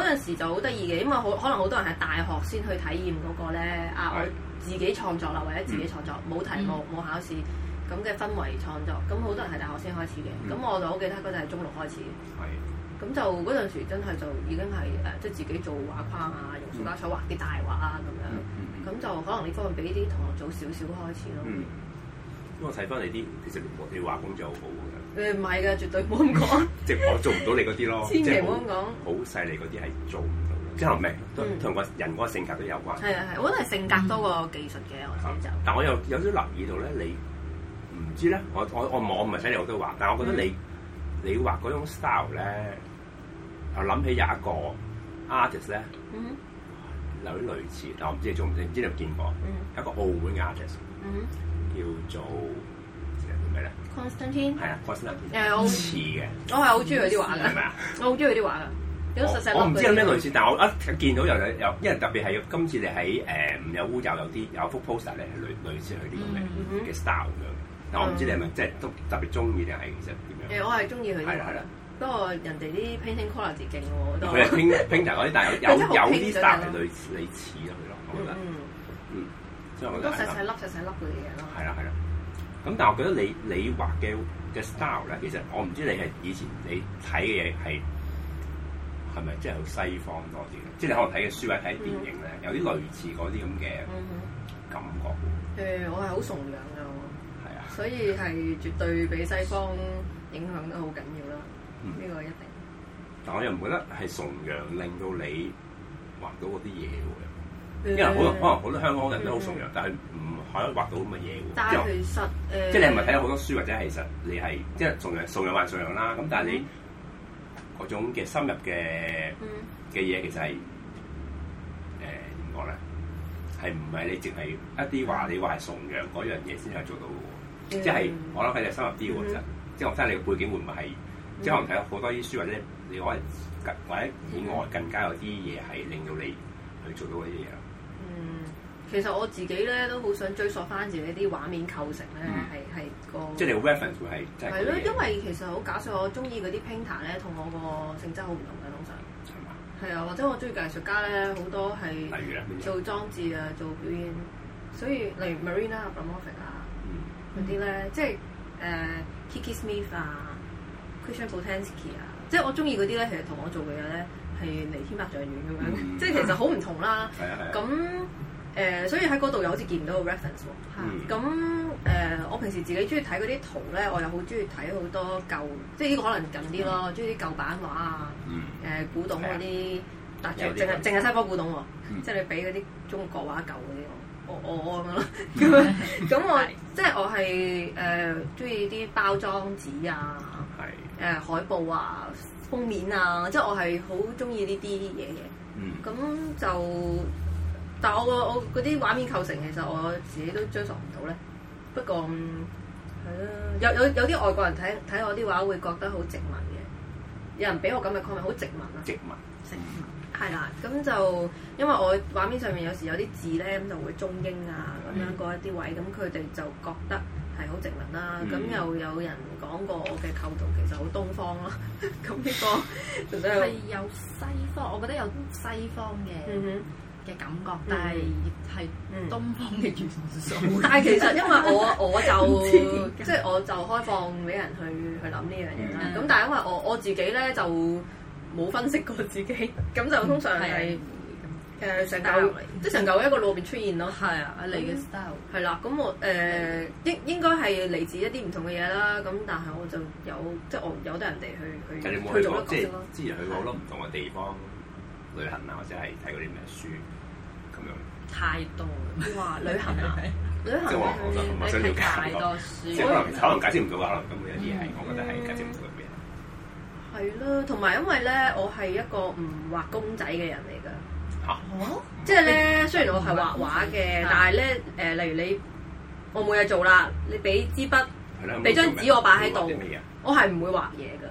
嗰陣時就好得意嘅，因為好可能好多人係大學先去體驗嗰個咧啊，我自己創作啦，或者自己創作，冇題目冇考試。咁嘅氛圍創作，咁、嗯、好多人係大學先開始嘅，咁、嗯、我就好記得嗰陣係中六開始，咁的就嗰陣時真係就已經係誒即係自己做畫框啊，用掃把彩畫嘅大畫啊咁樣，咁、嗯嗯、就可能你方面比啲同學早少少開始咯。咁、嗯、我睇翻你啲，其實你畫工就好好嘅。誒唔係㗎，絕對冇咁講，即係 *laughs* 我做唔到你嗰啲咯。 *laughs* 千祈唔好咁講，好細膩嗰啲係做唔到即之後咩同個人個性格都有關。係啊係，我覺得係性格多過技術嘅，我覺得就。但我又有少少留意到咧，你。唔知咧，我我我網唔係寫你好多畫，但係我覺得你、嗯、你畫嗰種 style 咧，我諗起有一個 artist 咧，有啲類似，但我唔知你做唔知有冇見過，一個澳門 artist，叫做咩咧，Constantine，係啊，Constantine，似嘅，我係好中意佢啲畫嘅，係咪啊？我好中意佢啲畫嘅，有啲細細，我唔知有咩類似，但係我一見到又有有，因為特別係今次你喺誒唔有污，又有啲有幅 poster 咧係類，類似佢啲咁嘅 style 嘅。嗯。但我唔知你係咪即係都特別中意定係其實點樣？誒，我係中意佢。係啦係啦。不過人哋啲 painting colour 字勁喎，都佢係 paint p a i n t g 嗰啲，但係有有啲 l e 類似類似佢咯，我覺得。嗯。嗯，即係都細細粒細細粒嘅嘢咯。係啦係啦。咁但係我覺得你李畫嘅嘅 style 咧，其實我唔知你係以前你睇嘅嘢係係咪即係好西方多啲即係你可能睇嘅書或者睇電影咧，有啲類似嗰啲咁嘅感覺喎。我係好崇仰㗎。所以係絕對俾西方影響得好緊要啦，呢、嗯、個一定。但我又唔覺得係崇洋令到你畫到嗰啲嘢喎，嗯、因為好、嗯、可能好多香港人都好崇洋，嗯、但係唔可以畫到咁嘅嘢喎。但係其實誒，因為嗯、即係你係咪睇咗好多書，或者其實你係即係崇洋崇洋還崇洋啦？咁但係你嗰種嘅深入嘅嘅嘢，嗯、其實係誒點講咧？係唔係你淨係一啲話你話係崇洋嗰樣嘢先係做到？即係、嗯、我諗佢哋深入啲喎，其實、嗯、即我睇下你嘅背景會唔會係，嗯、即係可能睇好多啲書，或者你可能或者以外更加有啲嘢係令到你去做到呢啲嘢啊？嗯，其實我自己咧都好想追溯翻自己啲畫面構成咧，係係、嗯、那個即係你個 reference 會係係咯，因為其實好搞笑，我中意嗰啲 painter 咧，同我個性質好唔同嘅通常係嘛？係啊嗎，或者我中意藝術家咧，好多係例如做裝置啊，做表演，所以例如 Marina、啊啊啊啊啲咧，即係誒 Kiki Smith 啊 Christian Potanski 啊，即係我中意嗰啲咧，其實同我做嘅嘢咧係離天百丈遠咁樣，即係其實好唔同啦。係啊係咁誒，所以喺嗰度又好似見唔到個 reference 喎。咁誒，我平時自己中意睇嗰啲圖咧，我又好中意睇好多舊，即係呢個可能近啲咯，中意啲舊版畫啊，誒古董嗰啲，但係淨係淨係西方古董喎，即係你俾嗰啲中國畫舊嗰啲。 *laughs* 我咁樣咯，咁 *laughs* 對 我即係我係誒，中意啲包裝紙啊，係誒對、呃、海報啊，封面啊，即係我係好中意呢啲嘢嘅。咁、嗯、就，但係我個我啲畫面構成，其實我自己都追溯唔到咧。不過係啊、嗯、有有有啲外國人睇睇我啲畫會覺得好殖民嘅。有人俾我咁嘅 comment，好殖民啊！殖民聞，殖民，係啦。咁就因為我畫面上面有時有啲字咧，咁就會中英啊，咁樣嗰一啲位，咁佢哋就覺得係好殖民啦。咁、嗯、又有人講過我嘅構圖其實好東方咯、啊。咁 *laughs* 呢個係有西方，我覺得有西方嘅。嗯哼。嘅感覺，但係係東方嘅元素上，但係其實因為我我就即係我就開放俾人去去諗呢樣嘢啦。咁但係因為我我自己咧就冇分析過自己，咁就通常係誒成嚟，即係成教喺一個路邊出現咯。係啊，你嘅 style 係啦。咁我誒應應該係嚟自一啲唔同嘅嘢啦。咁但係我就有即係我有得人哋去去去咗即係之前去過好多唔同嘅地方。旅行啊，或者係睇嗰啲咩書咁樣。太多啦，你話旅行啊？旅行。即係話，我想了解。太多書，即係可能解釋唔到，可能咁，有啲嘢係我覺得係解釋唔到嘅嘢。係啦，同埋因為咧，我係一個唔畫公仔嘅人嚟噶。嚇！即係咧，雖然我係畫畫嘅，但係咧，誒，例如你我冇嘢做啦，你俾支筆，俾張紙，我擺喺度，我係唔會畫嘢噶。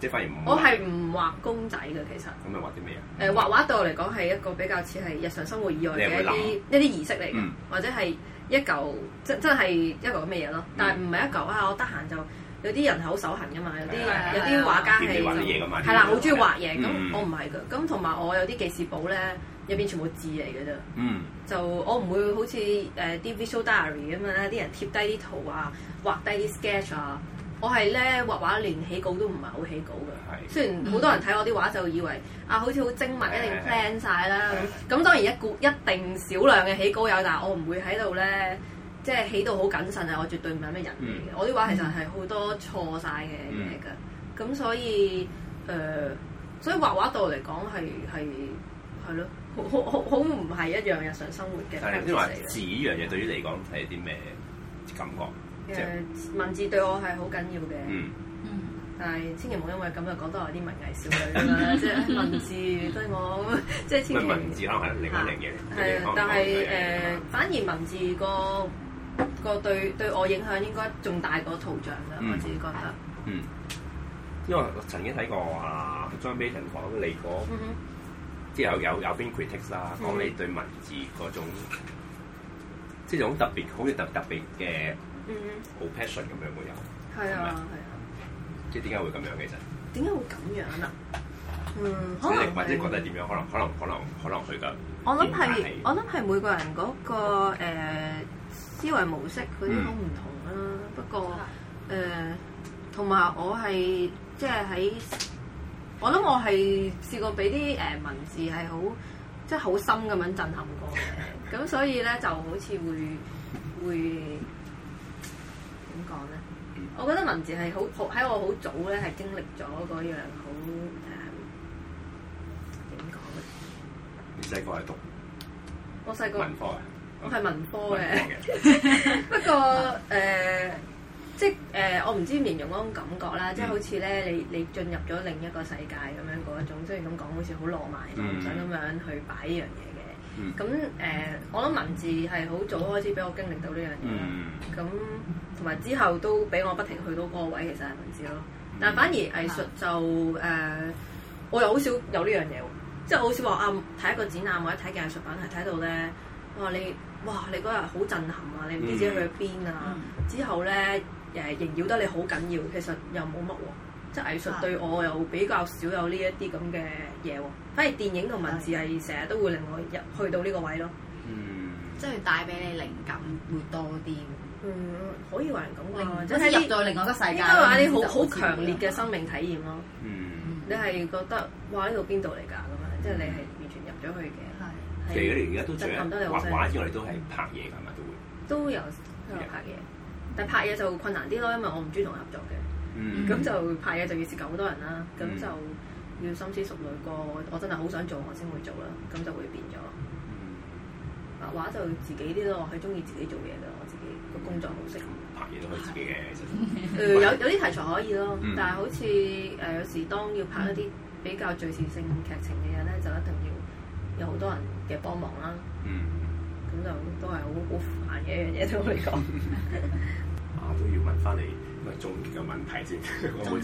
即係反我係唔畫公仔嘅其實。咁你畫啲咩啊？誒、呃、畫畫對我嚟講係一個比較似係日常生活以外嘅一啲一啲儀式嚟嘅，嗯、或者係一嚿即真係一嚿咁嘅嘢咯。但係唔係一嚿啊！我得閒就有啲人係好手痕㗎嘛，有啲、啊、有啲畫家係係啦，好中意畫嘢。咁我唔係㗎。咁同埋我有啲記事簿咧，入邊全部字嚟嘅啫。嗯，就我唔會好似誒、呃、啲 visual diary 咁樣啊，啲人貼低啲圖啊，畫低啲 sketch 啊。我係咧畫畫，連起稿都唔係好起稿嘅。雖然好多人睇我啲畫就以為啊，好似好精密，一定 plan 晒啦。咁當然一一定少量嘅起稿有，但係我唔會喺度咧，即係起到好謹慎啊！我絕對唔係咩人嚟嘅。我啲畫其實係好多錯晒嘅嘢嘅。咁所以誒，所以畫畫度嚟講係係係咯，好好好好唔係一樣日常生活嘅。係，即係話紙依樣嘢對於你嚟講係啲咩感覺？誒文字對我係好緊要嘅，但係千祈唔好因為咁就講多我啲文藝少女啊！即係文字對我，即係千祈唔文字啦，係另外另一樣嘢。係，但係誒，反而文字個個對對我影響應該仲大過圖像嘅，我自己覺得。嗯，因為我曾經睇過阿張 Beyond 講你嗰，即係有有邊 critics 啦，講你對文字嗰種，即係種特別好似特特別嘅。嗯，好 passion 咁樣會有，係啊，係啊，即係點解會咁樣其實？點解會咁樣啊？嗯，可能或者覺得點樣？可能，可能，可能，可能，佢得。我諗係，我諗係每個人嗰、嗰個誒、呃、思維模式佢都好唔同啦、啊。嗯、不過誒，同、呃、埋我係即係喺，我諗我係試過俾啲誒文字係好即係好深咁樣震撼過嘅。咁 *laughs* 所以咧就好似會會。會我覺得文字係好喺我好早咧，係經歷咗嗰樣好誒點講咧？嗯、你細個喺讀？我細個文科嘅，我係文科嘅。不過誒，即係誒，我唔知點形容嗰種感覺啦，即係好似咧，你你進入咗另一個世界咁樣嗰一種，雖然咁講好似好浪漫，唔想咁樣去擺呢樣嘢。咁誒、嗯呃，我諗文字係好早開始俾我經歷到呢樣嘢啦。咁同埋之後都俾我不停去到嗰個位，其實係文字咯。但反而藝術就誒、嗯呃，我又好少有呢樣嘢喎。即係好似話啊，睇一個展覽或者睇件藝術品，係睇到咧，哇你，哇你嗰日好震撼啊，你唔知自己去咗邊啊。嗯、之後咧誒縈繞得你好緊要，其實又冇乜喎。即係藝術對我又比較少有呢一啲咁嘅嘢喎，反而電影同文字係成日都會令我入去到呢個位咯。嗯，即係帶俾你靈感會多啲。嗯，可以話係咁講，靈即係入到另外一個世界咯。即係話啲好好強烈嘅生命體驗咯。嗯，你係覺得哇呢度邊度嚟㗎咁樣？即係你係完全入咗去嘅。係、嗯。是其實你而家都做畫畫之外，你都係拍嘢㗎嘛，的都會？都有，都有拍嘢，但係拍嘢就困難啲咯，因為我唔中意同人合作嘅。咁、嗯、就拍嘢就要涉及好多人啦，咁就要深思熟慮過。我真係好想做，我先會做啦。咁就會變咗。畫、嗯啊、畫就自己啲咯，係中意自己做嘢咯。我自己個工作好適合拍嘢都可以自己嘅、 *laughs* 呃，有有啲題材可以咯。但係好似誒、呃、有時當要拍一啲比較敍事性劇情嘅嘢咧，就一定要有好多人嘅幫忙啦。咁、嗯、就都係好好煩嘅一樣嘢都可以講。 *laughs* 會 *laughs* 啊都要問返你。終極嘅問題先，我咁快。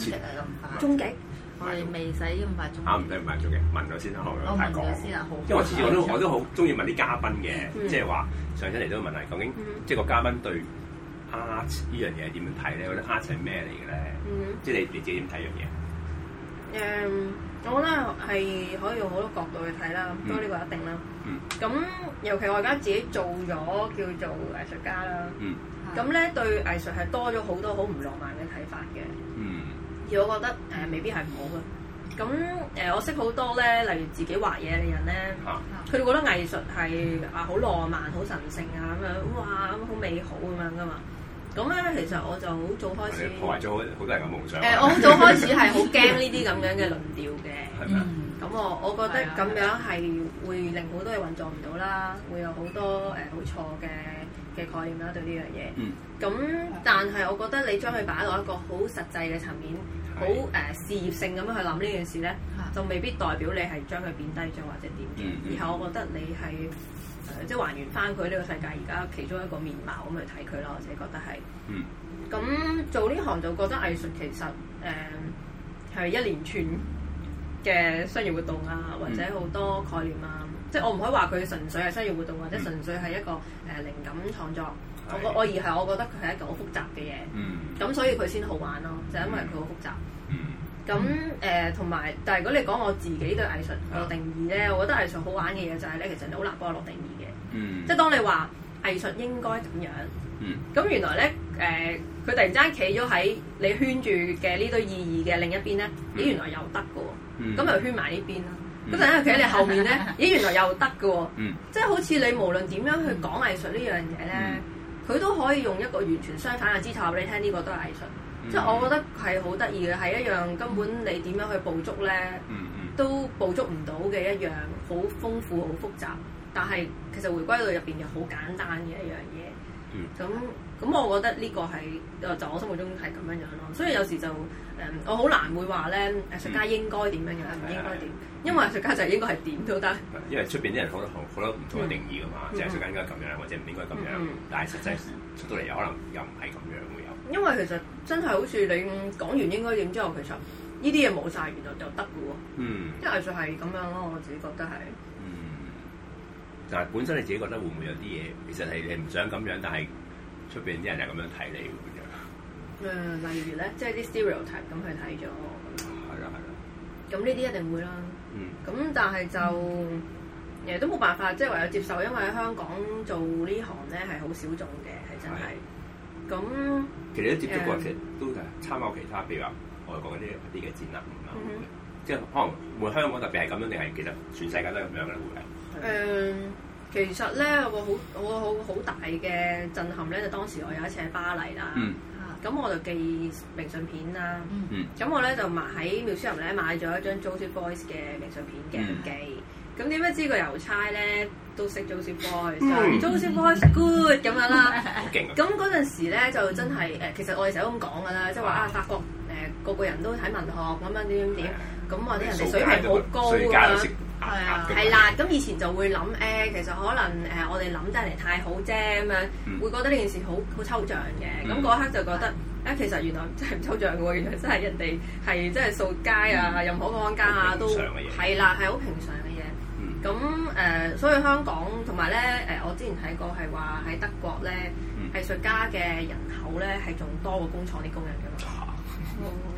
終極，嗯、我係未使咁快中。嚇唔使咁快終極，問咗先啦，我太講。先啦說，好。因為我次次我都我都好中意問啲嘉賓嘅，即係話上身嚟都問下，究竟、嗯、即係個嘉賓對 art 樣呢樣嘢係點樣睇咧？覺得 art 係咩嚟嘅咧？嗯、即係你你自己點睇樣嘢？誒、um,，我覺得係可以用好多角度去睇啦，都呢個一定啦。咁、嗯、尤其我而家自己做咗叫做藝術家啦，咁咧、嗯、對藝術係多咗好多好唔浪漫嘅睇法嘅，嗯、而我覺得誒、呃、未必係唔好嘅。咁誒、呃、我識好多咧，例如自己畫嘢嘅人咧，佢哋、啊、覺得藝術係、嗯、啊好浪漫、好神聖啊咁樣，哇咁好美好咁樣噶嘛。咁咧，其實我就好早開始破壞咗好多人嘅夢想。誒，我好早開始係好驚呢啲咁樣嘅論調嘅。係嘛？咁我我覺得咁樣係會令好多嘢運作唔到啦，會有好多誒好錯嘅嘅概念啦，對呢樣嘢。嗯。咁但係我覺得你將佢擺到一個好實際嘅層面，好誒事業性咁樣去諗呢件事咧，就未必代表你係將佢貶低咗或者點嘅。然後我覺得你係。即係還原翻佢呢個世界而家其中一個面貌咁去睇佢咯，我自己覺得係。嗯。咁做呢行就覺得藝術其實誒係、呃、一連串嘅商業活動啊，或者好多概念啊，即係我唔可以話佢純粹係商業活動，嗯、或者純粹係一個誒、呃、靈感創作。我我而係我覺得佢係一個好複雜嘅嘢。嗯。咁所以佢先好玩咯、啊，就係、因為佢好複雜。嗯咁誒同埋，但係如果你講我自己對藝術個定義咧，我覺得藝術好玩嘅嘢就係咧，其實你好難幫我落定義嘅。嗯。即係當你話藝術應該點樣？嗯。咁原來咧誒，佢突然之間企咗喺你圈住嘅呢堆意義嘅另一邊咧，咦原來又得嘅喎！嗯。咁又圈埋呢邊啦。咁突然間企喺你後面咧，咦原來又得嘅喎！嗯。即係好似你無論點樣去講藝術呢樣嘢咧，佢都可以用一個完全相反嘅姿態俾你聽，呢個都係藝術。即係、嗯、我覺得係好得意嘅，係一樣根本你點樣去捕捉咧，嗯嗯、都捕捉唔到嘅一樣，好豐富、好複雜。但係其實回歸到入邊又好簡單嘅一樣嘢。咁咁、嗯，我覺得呢個係就我心目中係咁樣樣咯。所以有時就誒、嗯，我好難會話咧藝術家應該點樣樣，唔、嗯、應該點，嗯、因為藝術家就係應該係點都得。因為出邊啲人好多好多唔同嘅定義㗎嘛，嗯、即藝術家應該咁樣，或者唔應該咁樣。嗯嗯嗯、但係實際出到嚟，又可能又唔係咁樣。因為其實真係好似你講完應該點之後，其實呢啲嘢冇晒原來就得嘅喎。嗯。即係就係咁樣咯，我自己覺得係。嗯。但係本身你自己覺得會唔會有啲嘢，其實係你唔想咁樣，但係出邊啲人又咁樣睇你咁樣。誒、嗯、例如咧，即係啲 stereotype 咁去睇咗。係啦，係啦。咁呢啲一定會啦。嗯。咁但係就誒都冇辦法，即係唯有接受，因為喺香港做呢行咧係好少種嘅，係真係。咁其實都接觸過，嗯、其實都係參考其他，比如話外國嗰啲啲嘅展覽，即係可能會香港特別係咁樣，定係其實全世界都係咁樣嘅咧，會係、嗯。其實咧我好我好好大嘅震撼咧，就當時我有一次喺巴黎啦，咁、嗯啊、我就寄明信片啦，咁、嗯、我咧就呢買喺妙書林咧買咗一張 Joseph Beuys 嘅明信片嘅寄，咁點解知個郵差咧？都識咗 Joseph Beuys，做 Joseph Beuys good 咁樣啦。咁嗰陣時咧就真係誒，其實我哋成日都咁講㗎啦，即係話啊，法國誒個個人都睇文學咁樣點點點。咁或者人哋水平好高啊，係啊，係啦。咁以前就會諗誒，其實可能誒我哋諗真係太好啫咁樣，會覺得呢件事好好抽象嘅。咁嗰刻就覺得啊，其實原來真係唔抽象嘅喎，原來真係人哋係真係掃街啊，任何行家啊都係啦，係好平常咁誒、嗯，所以香港同埋咧，誒，我之前睇過係話喺德國咧，嗯、藝術家嘅人口咧係仲多過工廠啲工人噶嘛，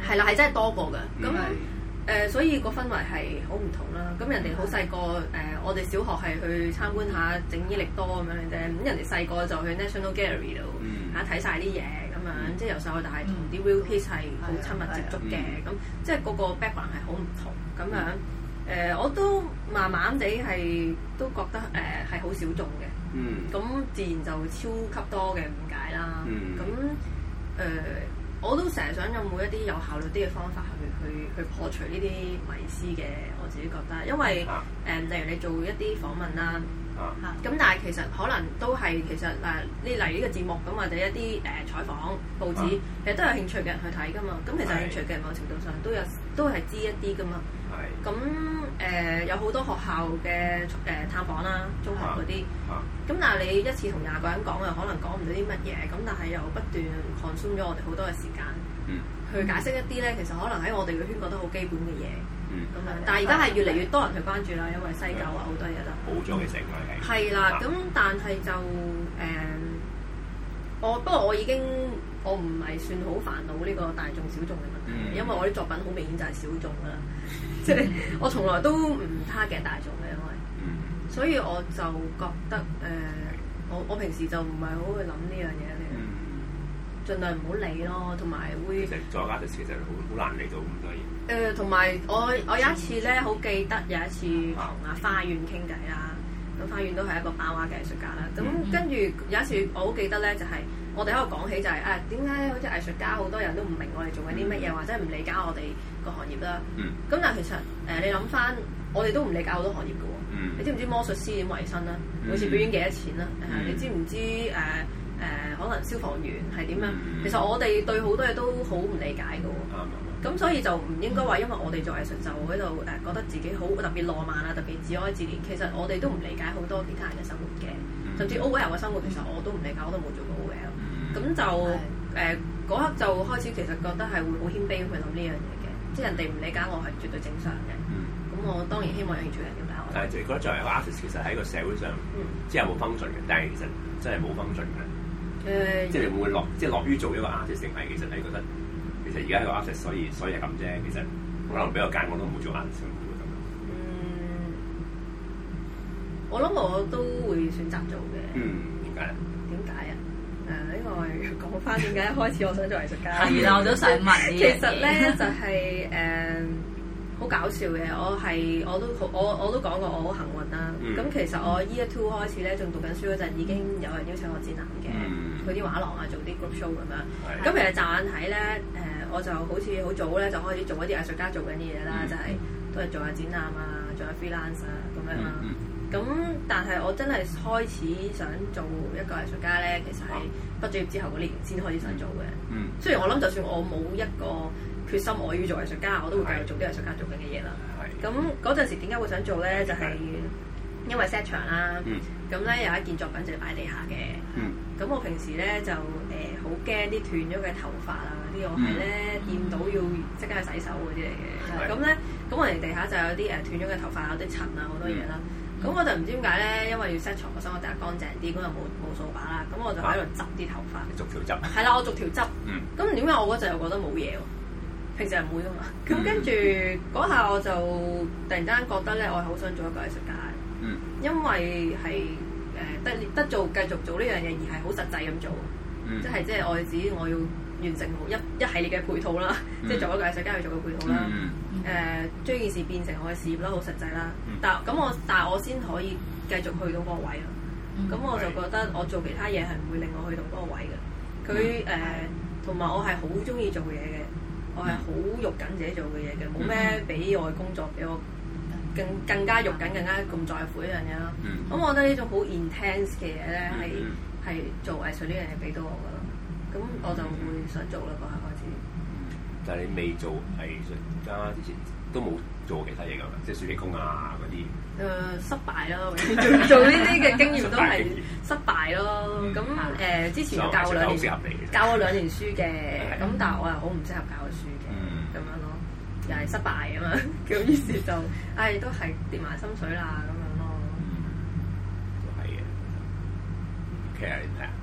係、嗯、啦，係真係多過嘅。咁誒、嗯，所以個氛圍係好唔同啦。咁人哋好細個，誒、嗯呃，我哋小學係去參觀下整衣力多咁樣啫。咁人哋細個就去 National Gallery 度吓睇晒啲嘢，咁樣、嗯、即係由細到大同啲 real piece 係好親密接觸嘅。咁、嗯嗯、即係嗰個 background 係好唔同咁樣。嗯嗯嗯誒、呃，我都慢慢地係都覺得誒係好小眾嘅，咁、呃嗯、自然就超級多嘅誤解啦。咁誒、嗯嗯呃，我都成日想有冇一啲有效率啲嘅方法去去去破除呢啲迷思嘅。我自己覺得，因為誒、啊呃，例如你做一啲訪問啦，嚇咁、啊，但係其實可能都係其實嗱，你嚟呢個節目咁或者一啲誒、呃、採訪報紙，啊、其實都有興趣嘅人去睇㗎嘛。咁其實興趣嘅人某程度上都有都係知一啲㗎嘛。咁誒、嗯呃、有好多學校嘅誒探訪啦，中學嗰啲，咁、啊啊、但係你一次同廿個人講又可能講唔到啲乜嘢，咁但係又不斷 consume 咗我哋好多嘅時間，嗯、去解釋一啲咧，其實可能喺我哋嘅圈覺得好基本嘅嘢，咁樣、嗯，嗯、但係而家係越嚟越多人去關注啦，的因為西九的啊好多嘢啦，好咗係，係啦，咁但係就誒，我不過我已經我唔係算好煩惱呢個大眾小眾嘅問題，嗯、因為我啲作品好明顯就係小眾啦。即係 *noise* 我從來都唔 target 大眾嘅，因為、嗯，所以我就覺得誒、呃，我我平時就唔係好去諗呢樣嘢嘅，嗯、盡量唔好理咯，同埋會。其實做 artist 其實好難理到咁多嘢。誒、呃，同埋我我有一次咧，好記得有一次同、啊、阿花園傾偈啦。嗯咁花園都係一個版畫嘅藝術家啦，咁跟住有一次我好記得咧，就係、是、我哋喺度講起就係啊點解好似藝術家好多人都唔明我哋做緊啲乜嘢，mm hmm. 或者唔理解我哋個行業啦。咁、mm hmm. 但係其實誒、呃、你諗翻，我哋都唔理解好多行業嘅喎。Mm hmm. 你知唔知魔術師點維生啦？好似表演幾多錢啦？你知唔知誒誒可能消防員係點樣？Mm hmm. 其實我哋對好多嘢都好唔理解嘅喎。Mm hmm. 咁所以就唔應該話，因為我哋做藝術就喺度，但係覺得自己好特別浪漫啊，特別自哀自憐。其實我哋都唔理解好多其他人嘅生活嘅，嗯、甚至 O L 嘅生活，其實我都唔理解，我都冇做過 O L、嗯。咁就誒嗰的、呃、刻就開始，其實覺得係會好謙卑去諗呢樣嘢嘅，即係人哋唔理解我係絕對正常嘅。咁、嗯、我當然希望有興趣嘅人點解？誒，就係覺得作為一個 artist，其實喺個社會上，嗯、即係冇 function 嘅，但係其實真係冇 function 嘅。誒、呃，即係你會唔會落，即、就、係、是、落於做一個 artist，係其實你覺得？其實而家係個壓石，所以所以係咁啫。其實可能俾我揀，我都唔會做藝術家，嗯，我諗我都會選擇做嘅。嗯，點解啊？誒，呢、呃、因為講翻點解一開始，我想做藝術家。係啦、 *laughs* *laughs* 嗯，都想問。 *laughs* 其實咧，就係誒好搞笑嘅。我係我都我我都講過，我好幸運啦、啊。咁、嗯、其實我 year two 開始咧，仲讀緊書嗰陣，已經有人邀請我展覽嘅。嗯，去啲畫廊啊，做啲 group show 咁樣。咁其實驟眼睇咧，誒。我就好似好早咧就開始做一啲藝術家做緊啲嘢啦，mm hmm. 就係都係做下展覽啊，做下 freelance 啊咁樣啦，啊。咁、mm hmm. 但係我真係開始想做一個藝術家咧，其實係畢咗業之後嗰年先開始想做嘅。Mm hmm. 雖然我諗，就算我冇一個決心我要做藝術家，我都會繼續做啲藝術家做緊嘅嘢啦。咁嗰陣時點解會想做咧？就係、是、因為 set 場啦。咁咧、mm hmm. 有一件作品就擺地下嘅。咁、mm hmm. 我平時咧就誒好驚啲斷咗嘅頭髮啦。啲我係咧掂到要即刻去洗手嗰啲嚟嘅，咁咧，咁我哋地下就有啲誒、呃、斷咗嘅頭髮有啲塵啊，好多嘢啦。咁、嗯、我就唔知點解咧，因為要 set 牀嘅，所以我地下乾淨啲，咁又冇冇掃把啦。咁我就喺度執啲頭髮，逐條執，係啦，我逐條執。咁點解我嗰陣又覺得冇嘢喎？平時係唔會㗎嘛。咁跟住嗰下我就突然間覺得咧，我係好想做一個藝術家。嗯、因為係誒、呃、得得做繼續做呢樣嘢，而係好實際咁做，即係即係我指我要。完成好一一系列嘅配套啦，即係做一個藝術家去做個配套啦。誒、嗯，將、呃、件事變成我嘅事業啦，好實際啦。但咁我但係我先可以繼續去到個個位啊。咁、嗯嗯、我就覺得我做其他嘢係唔會令我去到個位嘅。佢誒同埋我係好中意做嘢嘅，我係好肉緊自己做嘅嘢嘅，冇咩比我嘅工作俾我更更加肉緊更加咁在乎一樣嘢啦。咁、嗯、我覺得呢種好 intense 嘅嘢咧，係係、嗯、做藝術呢樣嘢俾到我噶。咁我就會想做啦嗰下開始。嗯、但係你未做藝術家之前都冇做其他嘢㗎，即係暑期工啊嗰啲。誒、呃、失敗咯， *laughs* 做呢啲嘅經驗都係失敗咯。咁誒、嗯呃、之前教兩年，合教咗兩年書嘅，咁 *laughs* 但係我又好唔適合教書嘅，咁、嗯、樣咯，又係失敗啊嘛。咁於是就，唉、哎，都係跌埋心水啦，咁樣咯。就係嘅，其實。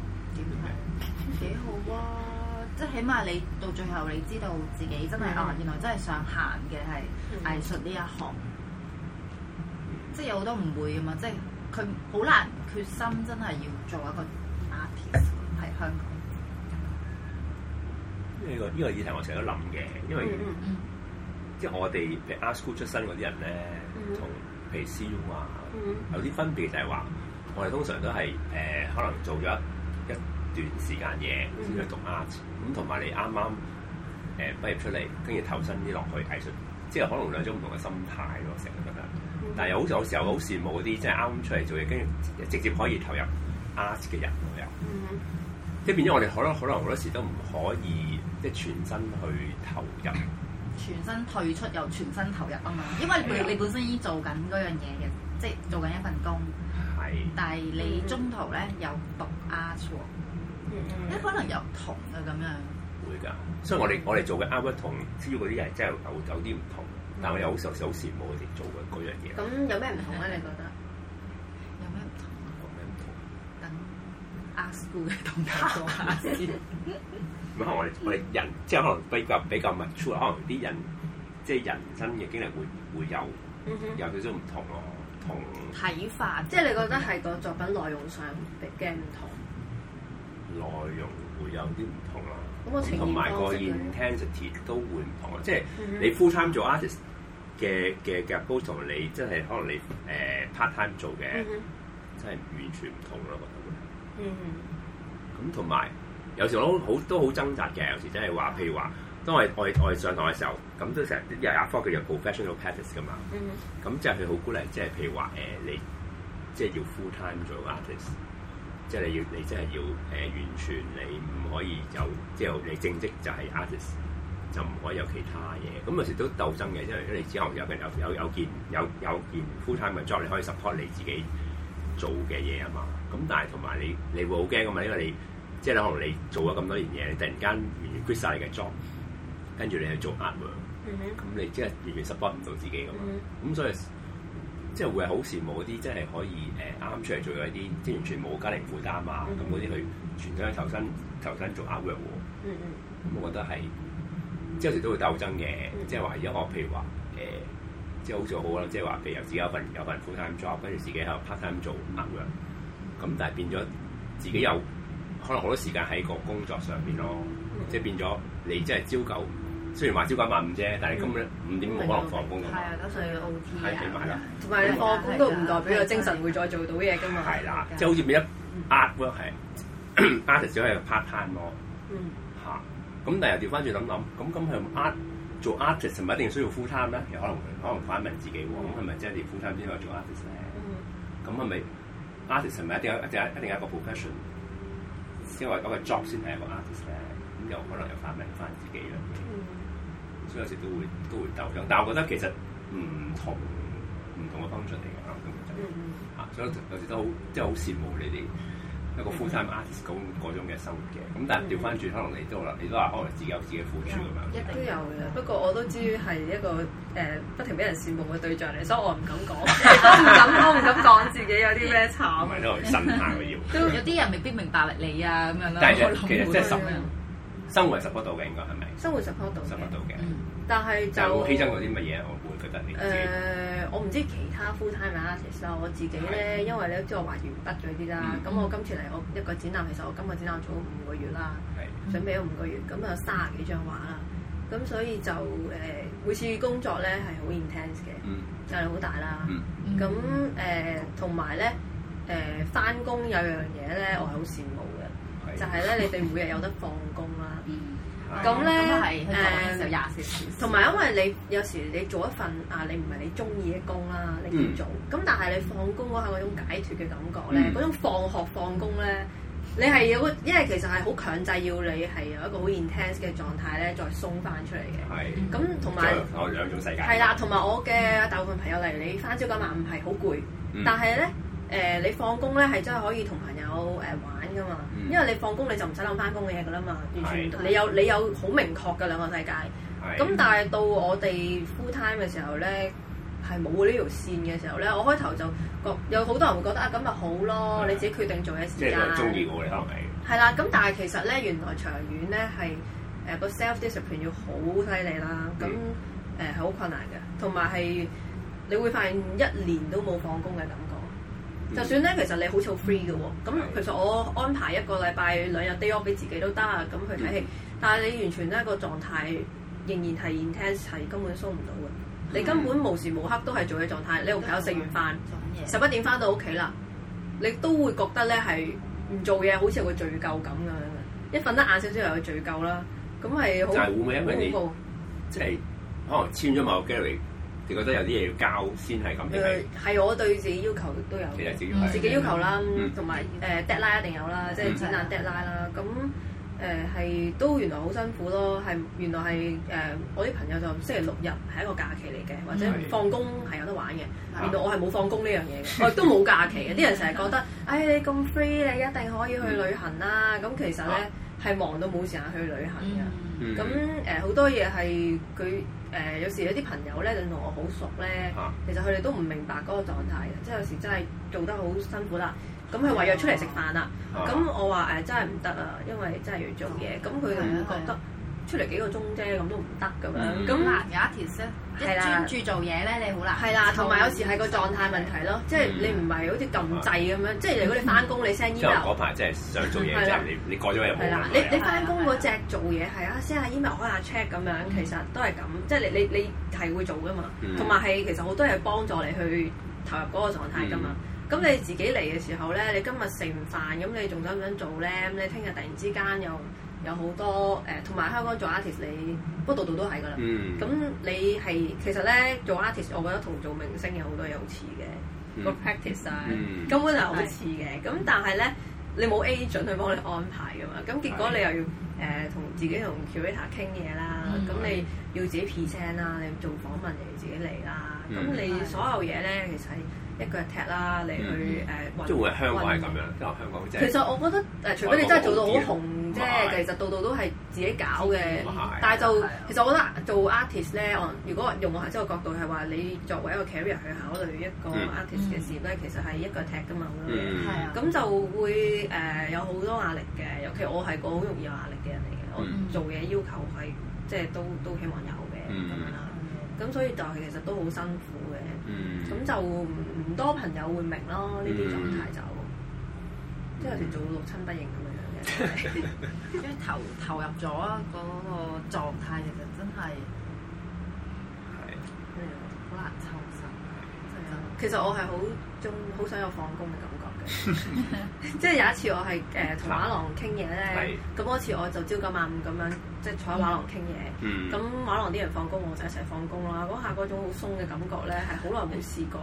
幾好啊！即係起碼你到最後你知道自己真係哦，mm hmm. 原來真係想行嘅係藝術呢一行。Mm hmm. 即係有好多唔會㗎嘛，即係佢好難決心真係要做一個 artist 喺、欸、香港。呢、這個呢、這個議題我成日都諗嘅，因為、mm hmm. 即係我哋譬如 art school 出身嗰啲人咧，同譬如 C U 啊有啲分別就係話，我哋通常都係誒、呃、可能做咗。段時間嘢先去讀 art，咁同埋你啱啱誒畢業出嚟，跟住投身啲落去藝術，即係可能兩種唔同嘅心態咯，成日咁樣。Mm hmm. 但係又好，好有時候好羨慕嗰啲即係啱啱出嚟做嘢，跟住直接可以投入 art 嘅人我又、mm hmm.。即係變咗我哋可能可能好多時都唔可以即係全身去投入。全身退出又全身投入啊嘛、嗯，因為你，Yeah. 你本身已經做緊嗰樣嘢嘅，即係做緊一份工。係的。Mm hmm. 但係你中途咧又讀 art 喎。一、mm hmm. 可能又唔同啊咁樣，會㗎，所以我哋我哋做嘅啱一同，知道嗰啲人真係有有啲唔同，但係我又好想好羨慕佢哋做嘅嗰樣嘢。咁、嗯、有咩唔同咧、啊？你覺得有咩唔同啊？咩唔同等 askool 同佢講下先。咁我哋我哋人即係可能比較比較密切，可能啲人即係、就是、人生嘅經歷會會有有少少唔同咯、啊。同睇、嗯、哼法，即係你覺得係個作品內容上嘅唔同。內容會有啲唔同啦、啊，同埋個 intensity 都會唔同啦、啊。嗯、哼即係你 full time 做 artist 嘅嘅 p 腳步，同、嗯、哼你真係可能你誒、呃、part time 做嘅，嗯、哼真係完全唔同咯、啊，覺得、嗯哼。嗯。咁同埋有時我好都好都好掙扎嘅，有時真係話，譬如話，當我我我上堂嘅時候，咁都成日有一科叫做 professional practice 㗎嘛。咁即係佢好 good 即係譬如話誒、呃，你即係要 full time 做 artist。即係你要，你真係要誒、呃、完全，你唔可以有，即係你正職就係 artist，就唔可以有其他嘢。咁有時都鬥爭嘅，因為你之後有有有有件有有件,件 full-time 嘅 job，你可以 support 你自己做嘅嘢啊嘛。咁但係同埋你你會好驚嘅嘛，因為你即係可能你做咗咁多年嘢，你突然間完全 quit 晒你嘅 job，跟住你去做 other 咁你即係完全 support 唔到自己啊嘛。咁、mm hmm. 所以。即係會係好羨慕啲，即係可以誒啱出嚟做咗一啲，即係完全冇家庭負擔啊，咁嗰啲去全統去投身投身做 artwork。咁、嗯、我覺得係，即係有時都會鬥爭嘅、嗯呃，即係話而家我譬如話誒，即係好似好啦，即係話譬如自己有份有份 full time job，跟住自己喺度 part time 做 artwork。咁但係變咗自己有可能好多時間喺個工作上邊咯，即係變咗你真係朝九。雖然話朝九晚五啫，但係今日五點冇可能放工㗎嘛。係啊，加上要 O T 啊。係點啦？同埋你放工都唔代表個精神會再做到嘢㗎嘛。係啦，即、就、係、是、好似你一 artwork 係 artist，佢係 part time 咯。嗯。咁 *coughs* *coughs* *coughs* 但係調翻轉諗諗，咁咁佢 art 做 artist 咪一定需要 full time 啦。其實可能可能反問自己喎，咁係咪真係要 full time 先可以做 artist 咧？咁係咪 artist 唔咪一定一隻一一定係個 profession 先話咁嘅 job 先係一個 artist 咧？咁、就、又、是、可能又反問翻自己啦。所以有時都會都會鬥爭，但係我覺得其實唔同唔同嘅方寸嚟㗎啦，根本就，啊，所以有時都好，即係好羨慕你哋一個 full time artist 工嗰種嘅生活嘅。咁但係調翻轉，可能你都啦，你都話可能自己有自己付出咁樣。一定都有嘅，不過我都知係一個誒不停俾人羨慕嘅對象嚟，所以我唔敢講，我唔敢，我唔敢講自己有啲咩慘。唔係都係要。有啲人未必明白你啊咁樣啦。但係其實真係生活 s u 度嘅應該係咪？生活十 u p p o r t 到 s 嘅。但係就犧牲嗰啲乜嘢？我會覺得呢啲。我唔知其他 full time a 其 t，我自己咧，因為咧，都知我畫完畢嗰啲啦。咁我今次嚟，我一個展覽，其實我今日展覽做咗五個月啦，準備咗五個月，咁有三啊幾張畫啦。咁所以就誒，每次工作咧係好 intense 嘅，壓力好大啦。咁誒，同埋咧誒，翻工有樣嘢咧，我係好羨慕。就係咧，你哋每日有得放工啦，咁咧誒，同埋因為你有時你做一份啊，你唔係你中意嘅工啦，你唔做，咁但係你放工嗰下嗰種解脫嘅感覺咧，嗰種放學放工咧，你係有個，因為其實係好強制要你係有一個好 intense 嘅狀態咧，再鬆翻出嚟嘅。係。咁同埋哦，兩種世界。係啦，同埋我嘅大部分朋友，嚟，你翻朝加晚唔係好攰，但係咧。誒、呃、你放工咧係真係可以同朋友誒、呃、玩噶嘛？嗯、因為你放工你就唔使諗返工嘅嘢噶啦嘛，完全的你有你有好明確嘅兩個世界。咁的但係到我哋 full time 嘅時候咧，係冇呢條線嘅時候咧，我開頭就覺有好多人會覺得啊，咁咪好咯，嗯、你自己決定做嘢時間。即係中意我你可能係。係啦，咁但係其實咧，原來長遠咧係誒個 self discipline 要好犀利啦。咁誒係好困難嘅，同埋係你會發現一年都冇放工嘅感覺。就算咧，其實你好似好 free 嘅喎，咁其實我安排一個禮拜兩日 day off 俾自己都得啊，咁去睇戲。嗯、但係你完全咧個狀態仍然係 intense，係根本鬆唔到嘅。嗯、你根本無時無刻都係做嘢狀態。你同朋友食完飯，十一點翻到屋企啦，你都會覺得咧係唔做嘢好似有個罪疚感咁樣。一瞓得晏少少又有罪疚啦，咁係好恐怖。你即係哦，簽咗某 Gary。你覺得有啲嘢要交先係咁樣。係，係我對自己要求都有，自己要求啦，同埋誒 deadline 一定有啦，即係展覽 deadline 啦。咁誒係都原來好辛苦咯，係原來係誒我啲朋友就星期六日係一個假期嚟嘅，或者放工係有得玩嘅。原來我係冇放工呢樣嘢嘅，我都冇假期嘅。啲人成日覺得誒你咁 free，你一定可以去旅行啦。咁其實咧係忙到冇時間去旅行嘅。咁誒好多嘢係佢。誒、呃、有時有啲朋友咧就同我好熟咧，啊、其實佢哋都唔明白嗰個狀態嘅，即係有時真係做得好辛苦啦，咁佢話約出嚟食飯啦，咁、啊、我話誒、呃、真係唔得啊，因為真係要做嘢，咁佢就會覺得。出嚟幾個鐘啫，咁都唔得咁樣。咁難有一條心，一專注做嘢咧，你好難。係啦，同埋有時係個狀態問題咯，即係你唔係好似撳掣咁樣。即係如果你翻工，你 send email。即係嗰排即係想做嘢啫，你你改咗又冇。係啦，你你翻工嗰只做嘢係啊，send 下 email 開下 check 咁樣，其實都係咁，即係你你你係會做噶嘛。同埋係其實好多嘢幫助你去投入嗰個狀態噶嘛。咁你自己嚟嘅時候咧，你今日食完飯咁，你仲想唔想做咧？咁你聽日突然之間又。有好多誒，同、呃、埋香港做 artist 你，不過度度都係㗎啦。咁、嗯、你係其實咧做 artist，我覺得同做明星有好多嘢好似嘅，嗯、個 practice 啊，嗯、根本係好似嘅。咁、嗯、但係咧，你冇 agent 去幫你安排㗎嘛？咁結果你又要誒同的、呃、自己同 curator 傾嘢啦，咁、嗯、你要自己 present 啦，你要做訪問又要自己嚟啦，咁、嗯、你所有嘢咧其實～一腳踢啦，嚟去誒，都會係香港係咁樣，因為香港即係。其實我覺得誒，除非你真係做到好紅啫，其實度度都係自己搞嘅。但係就其實我覺得做 artist 咧，我如果用我即係個角度係話，你作為一個 carrier 去考慮一個 artist 嘅事業咧，其實係一腳踢噶嘛，咁係啊。咁就會誒有好多壓力嘅，尤其我係個好容易有壓力嘅人嚟嘅。我做嘢要求係即係都都希望有嘅咁樣啦。咁所以就其實都好辛苦。嗯，咁就唔多朋友會明咯，呢啲狀態就，嗯、即係有時做到六親不認咁樣樣嘅，即係 *laughs* 投投入咗個狀態其實真係，係是，好、嗯、難抽。其實我係好中好想有放工嘅感覺嘅， *laughs* *laughs* 即係有一次我係誒同畫廊傾嘢咧，咁、呃、嗰是次我就朝九晚五咁樣，即係坐喺畫廊傾嘢，咁畫廊啲人放工，我就一齊放工啦。嗰下嗰種好鬆嘅感覺咧，係好耐冇試過，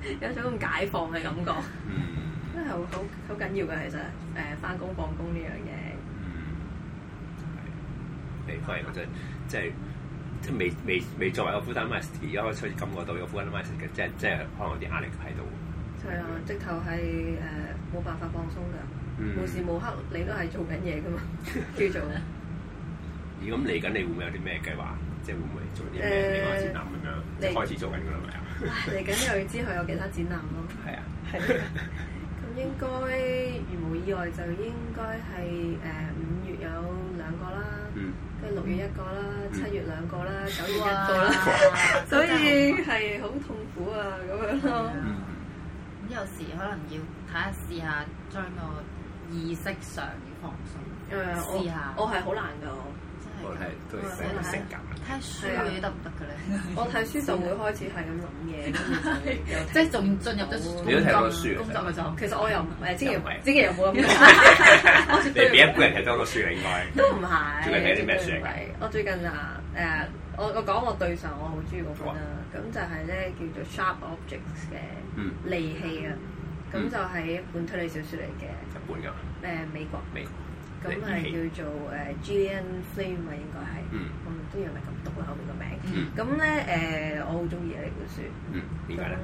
是 *laughs* 有一種咁解放嘅感覺，真係好好緊要嘅。其實誒，返工放工呢樣嘢，嚟快啊！真係，即係、嗯。即係未未未作為個副擔 master，而家開始感覺到個副擔 master 嘅，即係即係可能有啲壓力喺度。係啊，直頭係誒冇辦法放鬆㗎，嗯、無時無刻你都係做緊嘢㗎嘛，叫做。而咁嚟緊你會唔會有啲咩計劃？即係會唔會做啲咩、呃、展覽咁樣？你開始做緊㗎啦，咪啊？嚟緊又要知佢有其他展覽咯，係 *laughs* 啊，係是、啊。咁 *laughs* 應該如無,無意外就應該係誒。嗯六月一個啦，七月兩個啦，九月一個啦，哇所以係好痛， *laughs* 痛苦啊咁樣咯。咁有時可能要睇下試下將個意識上要放鬆，嗯、試下。我係好難㗎我。我係對成成感，睇書嗰，得唔得嘅咧？我睇書就會開始係咁諗嘢，即係仲進入咗工作工作嘅狀。其實我又唔係，即係唔係，即係又冇咁。你比一般人睇多個書嘅，應該都唔係。最近睇啲咩書？我最近啊誒，我我講我對上我好中意嗰本啦，咁就係咧叫做 Sharp Objects 嘅利器啊，咁就係一本推理小説嚟嘅，日本嘅誒美國美國。咁係叫做誒 Gillian Flame 啊，應該係，我唔知係咪咁讀啊？後面個名，咁咧誒，我好中意啊！呢本書，點解咧？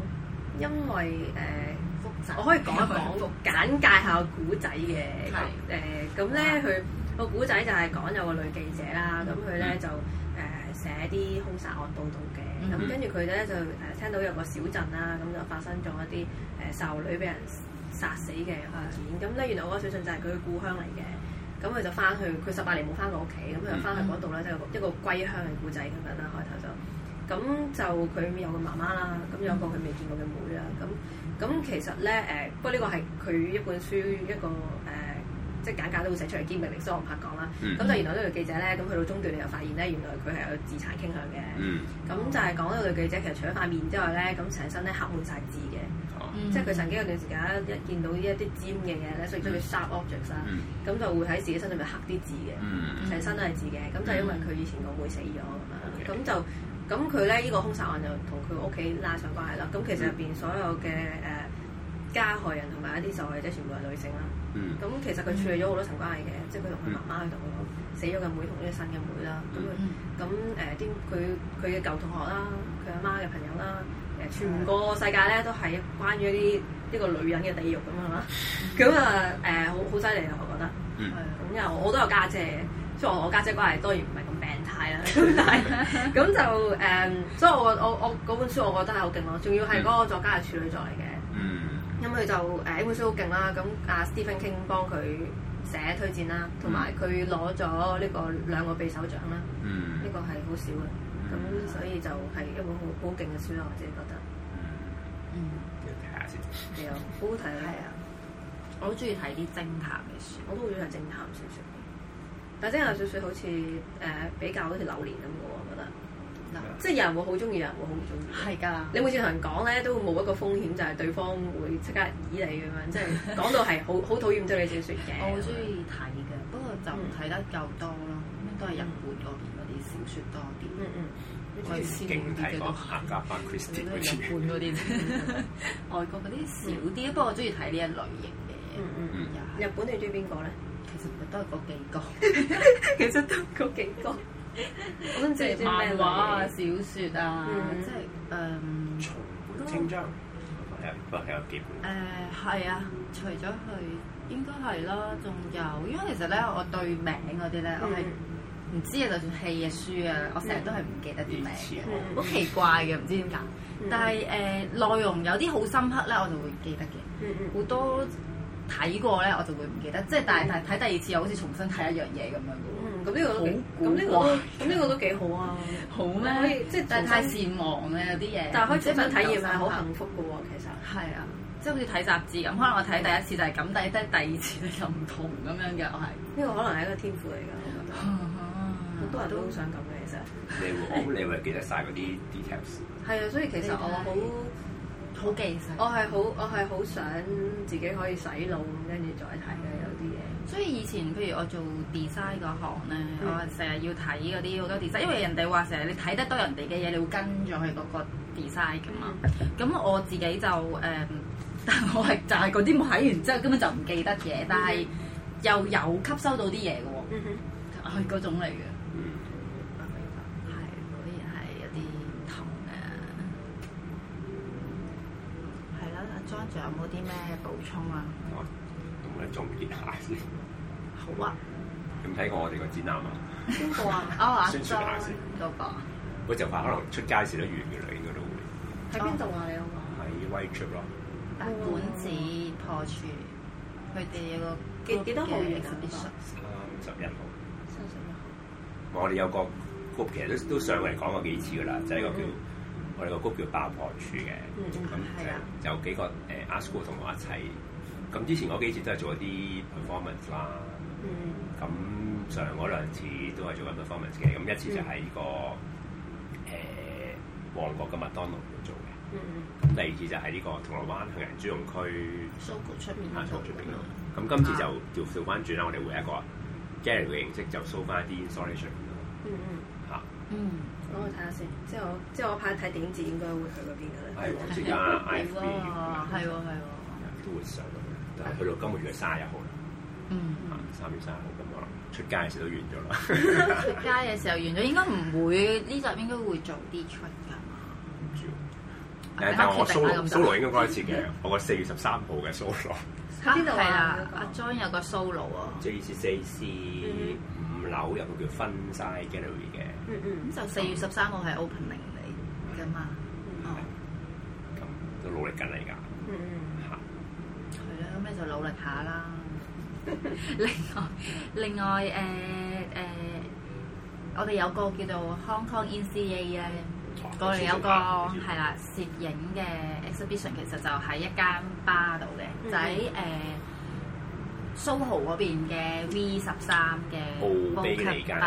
因為誒複雜，我可以講一講個簡介下個故仔嘅，誒咁咧佢個古仔就係講有個女記者啦，咁佢咧就誒寫啲兇殺案報道嘅，咁跟住佢咧就誒聽到有個小鎮啦，咁就發生咗一啲誒少女俾人殺死嘅案件，咁咧原來嗰個小鎮就係佢嘅故鄉嚟嘅。咁佢就翻去，佢十八年冇翻過屋企，咁就翻去度咧，即係、嗯、一個歸鄉嘅故仔咁樣啦。開頭就，咁就佢有個媽媽啦，咁有個佢未見過嘅妹啦。咁咁其實咧，誒不過呢個係佢一本書一個誒、呃、即係簡簡都會寫出嚟兼嘅靈犀我拍講啦。咁、嗯、就原來呢個記者咧，咁去到中段你又發現咧，原來佢係有自殘傾向嘅。咁、嗯、就係講呢對記者其實除咗塊面之外咧，咁成身咧黑滿晒字嘅。嗯、即係佢曾經有段時間一見到一啲尖嘅嘢咧，所以將佢 sharp objects 啊，咁、嗯、就會喺自己身上面刻啲字嘅，成身都係字嘅。咁、嗯、就因為佢以前個妹，妹死咗啊嘛，咁就咁佢咧呢、呢個兇殺案就同佢屋企拉上關係啦。咁其實入邊所有嘅誒加害人同埋一啲受害者全部係女性啦。咁、嗯、其實佢處理咗好多層關係嘅，即係佢同佢媽媽同死咗嘅妹同呢個新嘅妹啦。咁咁誒啲佢佢嘅舊同學啦，佢阿媽嘅朋友啦。全個世界咧都係關於啲呢、這個女人嘅地獄咁啊！咁啊誒，好好犀利啊！我覺得，咁又、mm hmm. 嗯、我，我都有家姐，姐，所以我家姐關係當然唔係咁病態啦，咁、mm hmm. *laughs* 就誒、呃，所以我我我嗰本書我覺得係好勁咯，仲要係嗰個作家係處女座嚟嘅，咁佢、mm hmm. 嗯、就誒呢、欸、本書好勁啦，咁、啊、阿 Stephen King 幫佢寫推薦啦，同埋佢攞咗呢個兩個匕首獎啦，呢、mm hmm. 個係好少嘅。咁、嗯、所以就係一本好好勁嘅書啦，我自己覺得。嗯，嗯要睇下先。係啊， *laughs* 好好睇咯。係啊，我好中意睇啲偵探嘅書，我都、嗯、好中意睇偵探小説。但係偵探小説好似誒比較好似榴蓮咁嘅，我覺得。嗯、即係有人會好中意，有人會好唔中意。係㗎，你每次同人講咧，都冇一個風險，就係、是、對方會即刻以你咁樣，即係講到係好好討厭咗你小説嘅。我好中意睇嘅，不過就睇得夠多咯。嗯都係日本嗰啲小説多啲，嗯嗯，我係先睇嗰個《黑教坊》Kristy，日本嗰啲，外國嗰啲少啲。不過我中意睇呢一類型嘅，嗯嗯。日本你中意邊個咧？其實都係嗰幾個，其實都嗰幾個，即係漫畫啊、小説啊，即係誒。松本清張，係唔係有幾本？誒係啊，除咗佢，應該係啦。仲有，因為其實咧，我對名嗰啲咧，我係。唔知啊，就算戲啊書啊，我成日都係唔記得啲名，好奇怪嘅，唔知點解。但係誒內容有啲好深刻咧，我就會記得嘅。好多睇過咧，我就會唔記得。即係但係但係睇第二次又好似重新睇一樣嘢咁樣嘅喎。咁呢個咁呢個，咁呢個都幾好啊。好咩？即係太善忘咧，有啲嘢。但係開始一份體驗係好幸福嘅喎，其實。係啊，即係好似睇雜誌咁，可能我睇第一次就係咁，但係第二次又唔同咁樣嘅，我係。呢個可能係一個天賦嚟㗎。我覺得。好多人都好想咁嘅，其實。你會，咁你會記得晒嗰啲 details。係啊， *laughs* 所以其實我好好記實。我係好，我係好想自己可以洗腦，跟住再睇嘅有啲嘢。所以以前譬如我做 design 嗰行咧，mm. 我成日要睇嗰啲好多 design，因為人哋話成日你睇得多人哋嘅嘢，你會跟咗佢嗰個 design 噶嘛。咁、mm. 我自己就誒、嗯，但我係就係嗰啲睇完之後根本就唔記得嘢，mm hmm. 但係又有吸收到啲嘢嘅喎。嗯嗰、mm hmm. 啊、種嚟嘅。張仲有冇啲咩補充啊？啊我同你總結下先。好啊、那個。有冇睇過我哋個展覽啊？邊個啊？阿阿張。宣傳下先。嗰個啊。嗰場話可能出街時都遠嘅嚟，應該都會。喺邊度啊？你喎？喺威出咯。啊！館子破處。佢哋有個幾幾多號嘢特別熟？三、啊、十一號。三十一號。嗯、我哋有個 group 其實都都上嚟講過幾次㗎啦，就係、一、個叫。我個 group 叫爆破處嘅，咁就有幾個誒、uh, askool 同我，我一齊。咁、嗯、之前嗰幾次都係做一啲 performance 啦，咁、mm. 嗯、上嗰兩次都係做緊 performance 嘅。咁、嗯、一次就喺呢個誒旺角嘅麥當勞度做嘅，咁、mm hmm. 第二次就喺呢個銅鑼灣行人專用區，SOGO 出面啊，SOGO 出面。咁今次就調調翻轉啦，我哋換一個 Jerry 嘅形式，就 show 翻一啲 solution 咯。嗯嗯，嚇，嗯。等我睇下先，即係我即係我怕睇電影節應該會去嗰邊嘅咧。係黃之嘉 I 係喎係喎，都會上到嘅。但係去到今個月嘅三十一號啦，嗯，三月三十一號咁樣，出街嘅時候都完咗啦。出街嘅時候完咗，應該唔會呢集應該會早啲出㗎嘛。唔知，但係我 solo solo 應該開始嘅，我個四月十三號嘅 solo，係啊，阿 John 有個 solo 啊，思四 C。樓入個叫分晒 Gallery 嘅，咁就四月十三號係 opening 嚟嘅嘛，咁都努力緊嚟㗎，係啦，咁你就努力下啦。另外，另外誒誒，我哋有個叫做 Hong Kong NCA 咧，過嚟有個係啦攝影嘅 exhibition，其實就喺一間巴度嘅，就喺 s 豪 h 嗰邊嘅 V 十三嘅奧比利街，係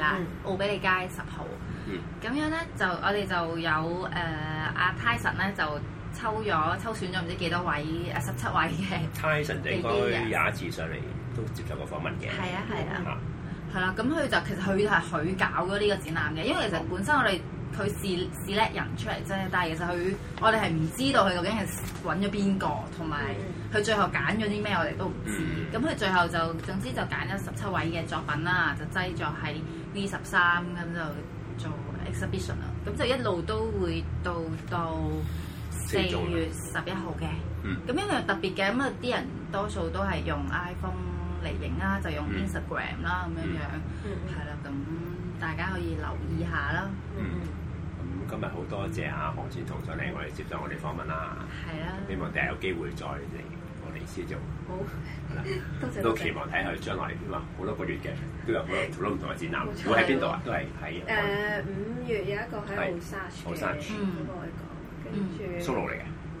啦，奧比利街十號。咁、嗯、樣咧就我哋就有誒阿 o n 咧就抽咗抽選咗唔知幾多位誒十七位嘅。Tyson 就應該也一次上嚟都接受過訪問嘅。係啊係啊。嚇，係啦，咁佢、嗯、就其實佢係佢搞咗呢個展覽嘅，因為其實本身我哋。佢是是叻人出嚟啫，但係其實佢我哋係唔知道佢究竟係揾咗邊個，同埋佢最後揀咗啲咩，我哋都唔知。咁佢最後就總之就揀咗十七位嘅作品啦，就擠咗喺 V 十三咁就做 exhibition 啦。咁就一路都會到到四月十一號嘅。咁、嗯、一樣特別嘅，咁啊啲人多數都係用 iPhone 嚟影啦，就用 Instagram 啦咁樣、嗯、樣，係、嗯、啦。咁大家可以留意下啦。嗯嗯。今日好多謝阿何倩彤上嚟，我哋接受我哋訪問啦。係啊，希望第日有機會再嚟我哋 studio。好，係啦，都期望睇下將來點啊，因為好多個月嘅都有好多唔同嘅展覽，會喺邊度啊？都係喺誒五月有一個喺黃沙村，黃沙村外港，跟住 solo 嚟嘅。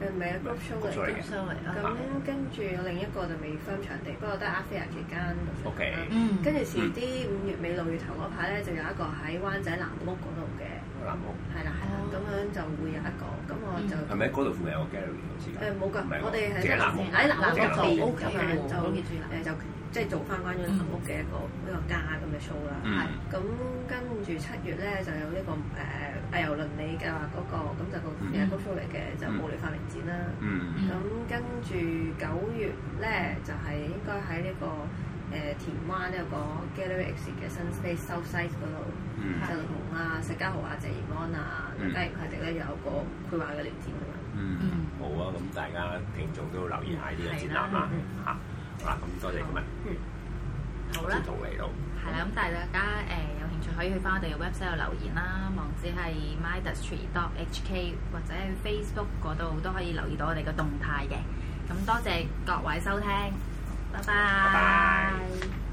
誒唔係啊，group show 嚟，group show 嚟。咁跟住有另一個就未翻場地，不過都係阿飛亞期間。O K。跟住遲啲五月尾六月頭嗰排咧，就有一個喺灣仔藍屋嗰度嘅。藍屋，係啦係啦，咁樣就會有一個，咁我就。係咪嗰度附近有個 gallery 好似？誒冇㗎，我哋係喺藍屋做，O K。就嗰件住，誒就。即係做翻關於房屋嘅一個一個家咁嘅 show 啦，嗯，係咁跟住七月咧就有呢個誒亞遊論理嘅話嗰個，咁、呃那個、就個另一個 show 嚟嘅，就保、是、利發明展啦。咁跟住九月咧就係、是、應該喺呢、這個誒、呃、田灣有個 Gallery Exit 嘅新 Space South、嗯、side 嗰度，就同啊石家豪啊謝炎安啊嘉怡佢哋咧有一個繪畫嘅聯展啦。嗯，嗯、好啊，咁大家聽眾都要留意下呢個展覽啦，嚇。嗯嗯嗱，咁多謝今日。嗯，好啦，歡迎嚟到。係啦，咁但係大家誒有興趣可以去翻我哋嘅 website 度留言啦，網址係 mydestory.hk，或者喺 Facebook 嗰度都可以留意到我哋嘅動態嘅。咁多謝各位收聽，拜拜。